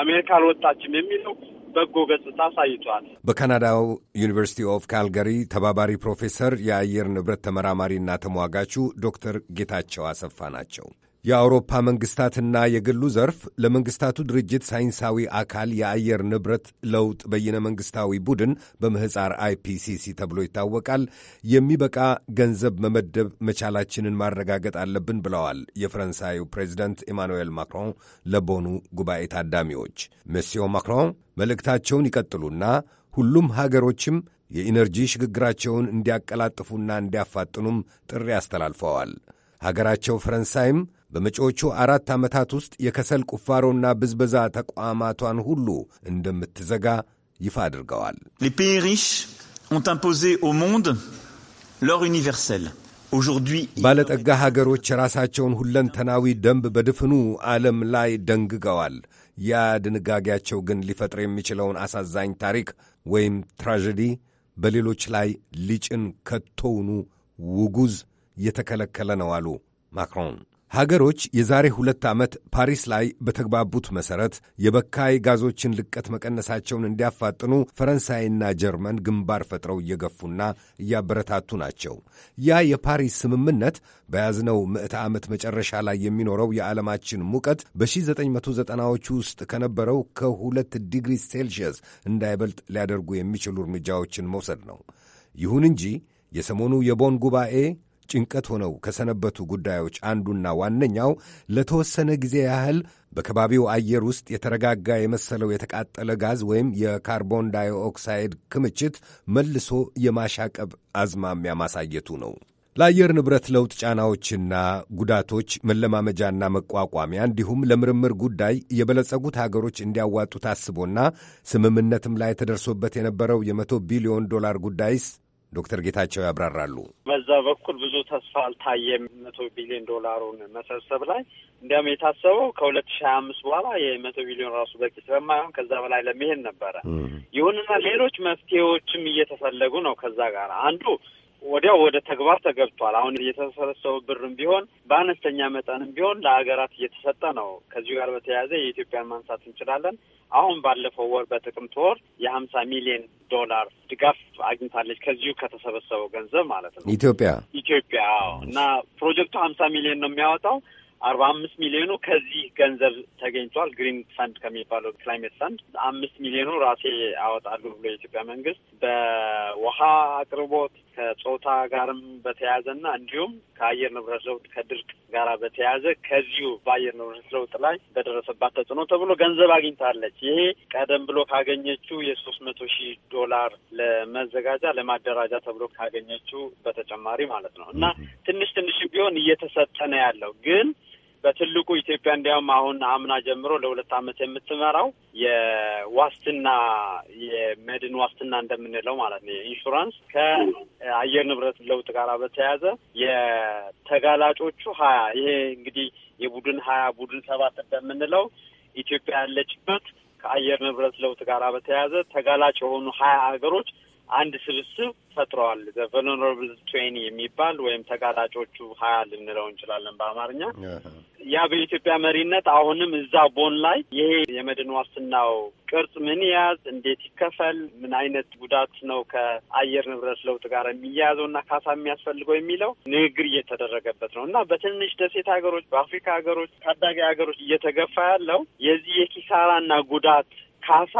አሜሪካ አልወጣችም የሚለው በጎ ገጽታ አሳይቷል። በካናዳው ዩኒቨርሲቲ ኦፍ ካልጋሪ ተባባሪ ፕሮፌሰር የአየር ንብረት ተመራማሪና ተሟጋቹ ዶክተር ጌታቸው አሰፋ ናቸው። የአውሮፓ መንግስታትና የግሉ ዘርፍ ለመንግስታቱ ድርጅት ሳይንሳዊ አካል የአየር ንብረት ለውጥ በይነ መንግስታዊ ቡድን በምህፃር አይፒሲሲ ተብሎ ይታወቃል የሚበቃ ገንዘብ መመደብ መቻላችንን ማረጋገጥ አለብን ብለዋል የፈረንሳዩ ፕሬዚደንት ኢማኑኤል ማክሮን ለቦኑ ጉባኤ ታዳሚዎች። መስዮ ማክሮን መልእክታቸውን ይቀጥሉና ሁሉም ሀገሮችም የኢነርጂ ሽግግራቸውን እንዲያቀላጥፉና እንዲያፋጥኑም ጥሪ አስተላልፈዋል። ሀገራቸው ፈረንሳይም በመጪዎቹ አራት ዓመታት ውስጥ የከሰል ቁፋሮና ብዝበዛ ተቋማቷን ሁሉ እንደምትዘጋ ይፋ አድርገዋል። ባለጠጋ ሀገሮች የራሳቸውን ሁለንተናዊ ደንብ በድፍኑ ዓለም ላይ ደንግገዋል። ያ ድንጋጌያቸው ግን ሊፈጥር የሚችለውን አሳዛኝ ታሪክ ወይም ትራጀዲ በሌሎች ላይ ሊጭን ከቶውኑ ውጉዝ የተከለከለ ነው አሉ ማክሮን። ሀገሮች የዛሬ ሁለት ዓመት ፓሪስ ላይ በተግባቡት መሠረት የበካይ ጋዞችን ልቀት መቀነሳቸውን እንዲያፋጥኑ ፈረንሳይና ጀርመን ግንባር ፈጥረው እየገፉና እያበረታቱ ናቸው። ያ የፓሪስ ስምምነት በያዝነው ምዕተ ዓመት መጨረሻ ላይ የሚኖረው የዓለማችን ሙቀት በ1990ዎቹ ውስጥ ከነበረው ከሁለት ዲግሪ ሴልሺየስ እንዳይበልጥ ሊያደርጉ የሚችሉ እርምጃዎችን መውሰድ ነው። ይሁን እንጂ የሰሞኑ የቦን ጉባኤ ጭንቀት ሆነው ከሰነበቱ ጉዳዮች አንዱና ዋነኛው ለተወሰነ ጊዜ ያህል በከባቢው አየር ውስጥ የተረጋጋ የመሰለው የተቃጠለ ጋዝ ወይም የካርቦን ዳይኦክሳይድ ክምችት መልሶ የማሻቀብ አዝማሚያ ማሳየቱ ነው። ለአየር ንብረት ለውጥ ጫናዎችና ጉዳቶች መለማመጃና መቋቋሚያ እንዲሁም ለምርምር ጉዳይ የበለጸጉት ሀገሮች እንዲያዋጡ ታስቦና ስምምነትም ላይ ተደርሶበት የነበረው የመቶ ቢሊዮን ዶላር ጉዳይስ ዶክተር ጌታቸው ያብራራሉ። በዛ በኩል ብዙ ተስፋ አልታየም። መቶ ቢሊዮን ዶላሩን መሰብሰብ ላይ እንዲያውም የታሰበው ከሁለት ሺ ሀያ አምስት በኋላ የመቶ ቢሊዮን ራሱ በቂ ስለማይሆን ከዛ በላይ ለመሄድ ነበረ። ይሁንና ሌሎች መፍትሄዎችም እየተፈለጉ ነው። ከዛ ጋር አንዱ ወዲያው ወደ ተግባር ተገብቷል። አሁን የተሰበሰበው ብርም ቢሆን በአነስተኛ መጠንም ቢሆን ለሀገራት እየተሰጠ ነው። ከዚሁ ጋር በተያያዘ የኢትዮጵያን ማንሳት እንችላለን። አሁን ባለፈው ወር በጥቅምት ወር የሀምሳ ሚሊዮን ዶላር ድጋፍ አግኝታለች ከዚሁ ከተሰበሰበው ገንዘብ ማለት ነው ኢትዮጵያ ኢትዮጵያ እና ፕሮጀክቱ ሀምሳ ሚሊዮን ነው የሚያወጣው አርባ አምስት ሚሊዮኑ ከዚህ ገንዘብ ተገኝቷል። ግሪን ፈንድ ከሚባለው ክላይሜት ፈንድ አምስት ሚሊዮኑ ራሴ አወጣሉ ብሎ የኢትዮጵያ መንግስት በውሃ አቅርቦት፣ ከጾታ ጋርም በተያያዘና እንዲሁም ከአየር ንብረት ለውጥ ከድርቅ ጋር በተያያዘ ከዚሁ በአየር ንብረት ለውጥ ላይ በደረሰባት ተጽዕኖ ተብሎ ገንዘብ አግኝታለች። ይሄ ቀደም ብሎ ካገኘችው የሶስት መቶ ሺህ ዶላር ለመዘጋጃ ለማደራጃ ተብሎ ካገኘችው በተጨማሪ ማለት ነው እና ትንሽ ትንሽ ቢሆን እየተሰጠ ነው ያለው ግን በትልቁ ኢትዮጵያ እንዲያውም አሁን አምና ጀምሮ ለሁለት ዓመት የምትመራው የዋስትና የመድን ዋስትና እንደምንለው ማለት ነው የኢንሹራንስ ከአየር ንብረት ለውጥ ጋር በተያያዘ የተጋላጮቹ ሀያ ይሄ እንግዲህ የቡድን ሀያ ቡድን ሰባት እንደምንለው ኢትዮጵያ ያለችበት ከአየር ንብረት ለውጥ ጋር በተያያዘ ተጋላጭ የሆኑ ሀያ ሀገሮች አንድ ስብስብ ፈጥረዋል። ቨልነራብል ትዌኒ የሚባል ወይም ተጋላጮቹ ሀያ ልንለው እንችላለን በአማርኛ ያ በኢትዮጵያ መሪነት አሁንም እዛ ቦን ላይ ይሄ የመድን ዋስትናው ቅርጽ ምን ያዝ፣ እንዴት ይከፈል፣ ምን አይነት ጉዳት ነው ከአየር ንብረት ለውጥ ጋር የሚያያዘው እና ካሳ የሚያስፈልገው የሚለው ንግግር እየተደረገበት ነው እና በትንሽ ደሴት ሀገሮች፣ በአፍሪካ ሀገሮች፣ ታዳጊ ሀገሮች እየተገፋ ያለው የዚህ የኪሳራና ጉዳት ካሳ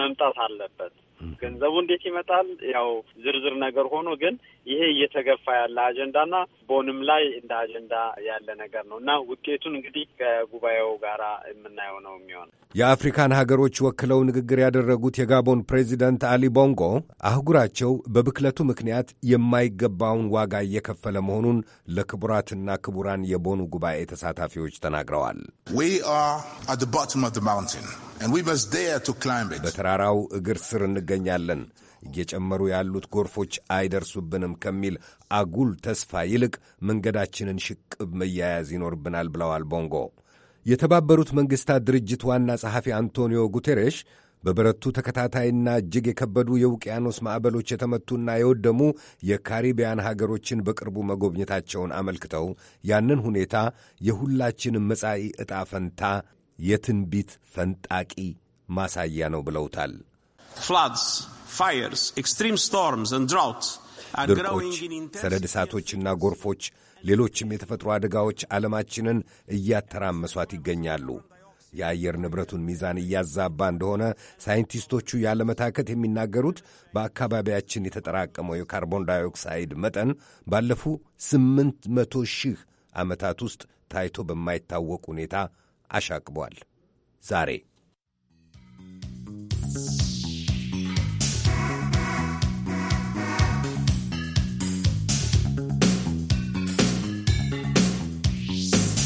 መምጣት አለበት። ገንዘቡ እንዴት ይመጣል? ያው ዝርዝር ነገር ሆኖ ግን ይሄ እየተገፋ ያለ አጀንዳና ቦንም ላይ እንደ አጀንዳ ያለ ነገር ነው እና ውጤቱን እንግዲህ ከጉባኤው ጋር የምናየው ነው የሚሆነው። የአፍሪካን ሀገሮች ወክለው ንግግር ያደረጉት የጋቦን ፕሬዚደንት አሊ ቦንጎ አህጉራቸው በብክለቱ ምክንያት የማይገባውን ዋጋ እየከፈለ መሆኑን ለክቡራትና ክቡራን የቦኑ ጉባኤ ተሳታፊዎች ተናግረዋል። በተራራው እግር ስር እንገኛለን። እየጨመሩ ያሉት ጎርፎች አይደርሱብንም ከሚል አጉል ተስፋ ይልቅ መንገዳችንን ሽቅብ መያያዝ ይኖርብናል ብለዋል ቦንጎ። የተባበሩት መንግሥታት ድርጅት ዋና ጸሐፊ አንቶኒዮ ጉቴሬሽ በበረቱ ተከታታይና እጅግ የከበዱ የውቅያኖስ ማዕበሎች የተመቱና የወደሙ የካሪቢያን ሀገሮችን በቅርቡ መጎብኘታቸውን አመልክተው ያንን ሁኔታ የሁላችንም መጻኢ ዕጣ ፈንታ የትንቢት ፈንጣቂ ማሳያ ነው ብለውታል። ድርቆች፣ ሰደድ እሳቶችና ጎርፎች፣ ሌሎችም የተፈጥሮ አደጋዎች ዓለማችንን እያተራመሷት ይገኛሉ። የአየር ንብረቱን ሚዛን እያዛባ እንደሆነ ሳይንቲስቶቹ ያለመታከት የሚናገሩት በአካባቢያችን የተጠራቀመው የካርቦን ዳይኦክሳይድ መጠን ባለፉ ስምንት መቶ ሺህ ዓመታት ውስጥ ታይቶ በማይታወቅ ሁኔታ አሻቅቧል ዛሬ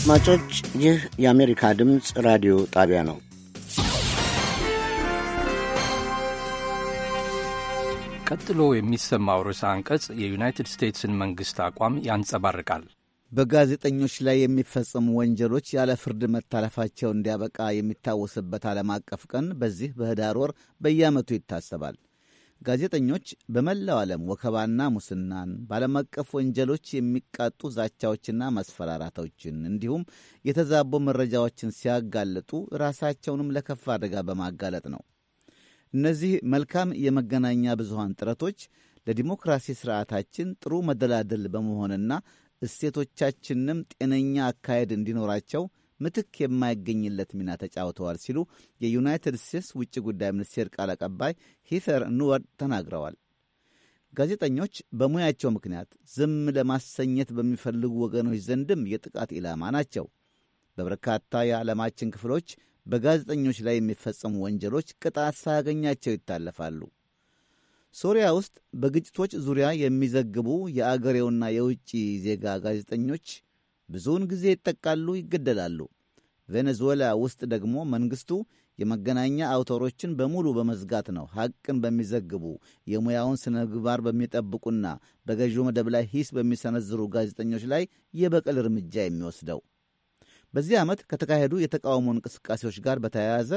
አድማጮች ይህ የአሜሪካ ድምፅ ራዲዮ ጣቢያ ነው። ቀጥሎ የሚሰማው ርዕሰ አንቀጽ የዩናይትድ ስቴትስን መንግሥት አቋም ያንጸባርቃል። በጋዜጠኞች ላይ የሚፈጸሙ ወንጀሎች ያለ ፍርድ መታለፋቸው እንዲያበቃ የሚታወስበት ዓለም አቀፍ ቀን በዚህ በህዳር ወር በየዓመቱ ይታሰባል። ጋዜጠኞች በመላው ዓለም ወከባና ሙስናን፣ በዓለም አቀፍ ወንጀሎች የሚቃጡ ዛቻዎችና ማስፈራራቶችን እንዲሁም የተዛቦ መረጃዎችን ሲያጋልጡ ራሳቸውንም ለከፋ አደጋ በማጋለጥ ነው። እነዚህ መልካም የመገናኛ ብዙሃን ጥረቶች ለዲሞክራሲ ሥርዓታችን ጥሩ መደላደል በመሆንና እሴቶቻችንም ጤነኛ አካሄድ እንዲኖራቸው ምትክ የማይገኝለት ሚና ተጫውተዋል ሲሉ የዩናይትድ ስቴትስ ውጭ ጉዳይ ሚኒስቴር ቃል አቀባይ ሂተር ኑወርድ ተናግረዋል። ጋዜጠኞች በሙያቸው ምክንያት ዝም ለማሰኘት በሚፈልጉ ወገኖች ዘንድም የጥቃት ኢላማ ናቸው። በበርካታ የዓለማችን ክፍሎች በጋዜጠኞች ላይ የሚፈጸሙ ወንጀሎች ቅጣት ሳያገኛቸው ይታለፋሉ። ሶሪያ ውስጥ በግጭቶች ዙሪያ የሚዘግቡ የአገሬውና የውጭ ዜጋ ጋዜጠኞች ብዙውን ጊዜ ይጠቃሉ፣ ይገደላሉ። ቬኔዙዌላ ውስጥ ደግሞ መንግሥቱ የመገናኛ አውታሮችን በሙሉ በመዝጋት ነው ሐቅን በሚዘግቡ የሙያውን ስነ ምግባር በሚጠብቁና በገዢው መደብ ላይ ሂስ በሚሰነዝሩ ጋዜጠኞች ላይ የበቀል እርምጃ የሚወስደው። በዚህ ዓመት ከተካሄዱ የተቃውሞ እንቅስቃሴዎች ጋር በተያያዘ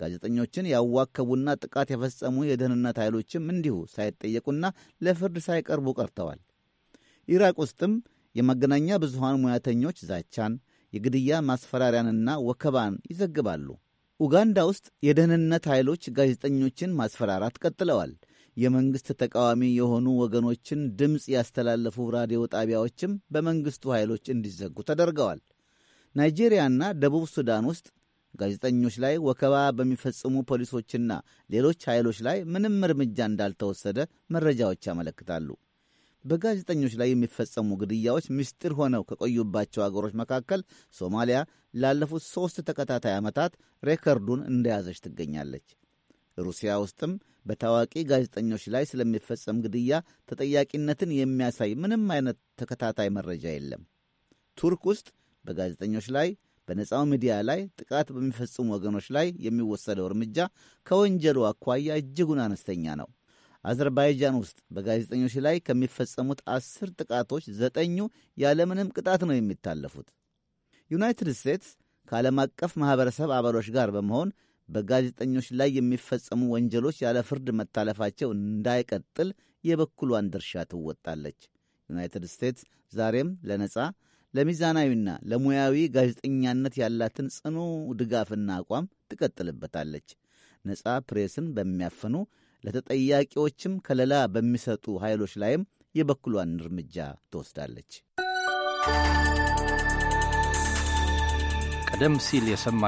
ጋዜጠኞችን ያዋከቡና ጥቃት የፈጸሙ የደህንነት ኃይሎችም እንዲሁ ሳይጠየቁና ለፍርድ ሳይቀርቡ ቀርተዋል። ኢራቅ ውስጥም የመገናኛ ብዙሃን ሙያተኞች ዛቻን፣ የግድያ ማስፈራሪያንና ወከባን ይዘግባሉ። ኡጋንዳ ውስጥ የደህንነት ኃይሎች ጋዜጠኞችን ማስፈራራት ቀጥለዋል። የመንግሥት ተቃዋሚ የሆኑ ወገኖችን ድምፅ ያስተላለፉ ራዲዮ ጣቢያዎችም በመንግሥቱ ኃይሎች እንዲዘጉ ተደርገዋል። ናይጄሪያና ደቡብ ሱዳን ውስጥ ጋዜጠኞች ላይ ወከባ በሚፈጽሙ ፖሊሶችና ሌሎች ኃይሎች ላይ ምንም እርምጃ እንዳልተወሰደ መረጃዎች ያመለክታሉ። በጋዜጠኞች ላይ የሚፈጸሙ ግድያዎች ምስጢር ሆነው ከቆዩባቸው አገሮች መካከል ሶማሊያ ላለፉት ሦስት ተከታታይ ዓመታት ሬከርዱን እንደያዘች ትገኛለች። ሩሲያ ውስጥም በታዋቂ ጋዜጠኞች ላይ ስለሚፈጸም ግድያ ተጠያቂነትን የሚያሳይ ምንም አይነት ተከታታይ መረጃ የለም። ቱርክ ውስጥ በጋዜጠኞች ላይ በነፃው ሚዲያ ላይ ጥቃት በሚፈጽሙ ወገኖች ላይ የሚወሰደው እርምጃ ከወንጀሉ አኳያ እጅጉን አነስተኛ ነው። አዘርባይጃን ውስጥ በጋዜጠኞች ላይ ከሚፈጸሙት አስር ጥቃቶች ዘጠኙ ያለምንም ቅጣት ነው የሚታለፉት። ዩናይትድ ስቴትስ ከዓለም አቀፍ ማኅበረሰብ አባሎች ጋር በመሆን በጋዜጠኞች ላይ የሚፈጸሙ ወንጀሎች ያለ ፍርድ መታለፋቸው እንዳይቀጥል የበኩሏን ድርሻ ትወጣለች። ዩናይትድ ስቴትስ ዛሬም ለነጻ ለሚዛናዊና ለሙያዊ ጋዜጠኛነት ያላትን ጽኑ ድጋፍና አቋም ትቀጥልበታለች። ነጻ ፕሬስን በሚያፍኑ ለተጠያቂዎችም ከለላ በሚሰጡ ኃይሎች ላይም የበኩሏን እርምጃ ትወስዳለች። ቀደም ሲል የሰማ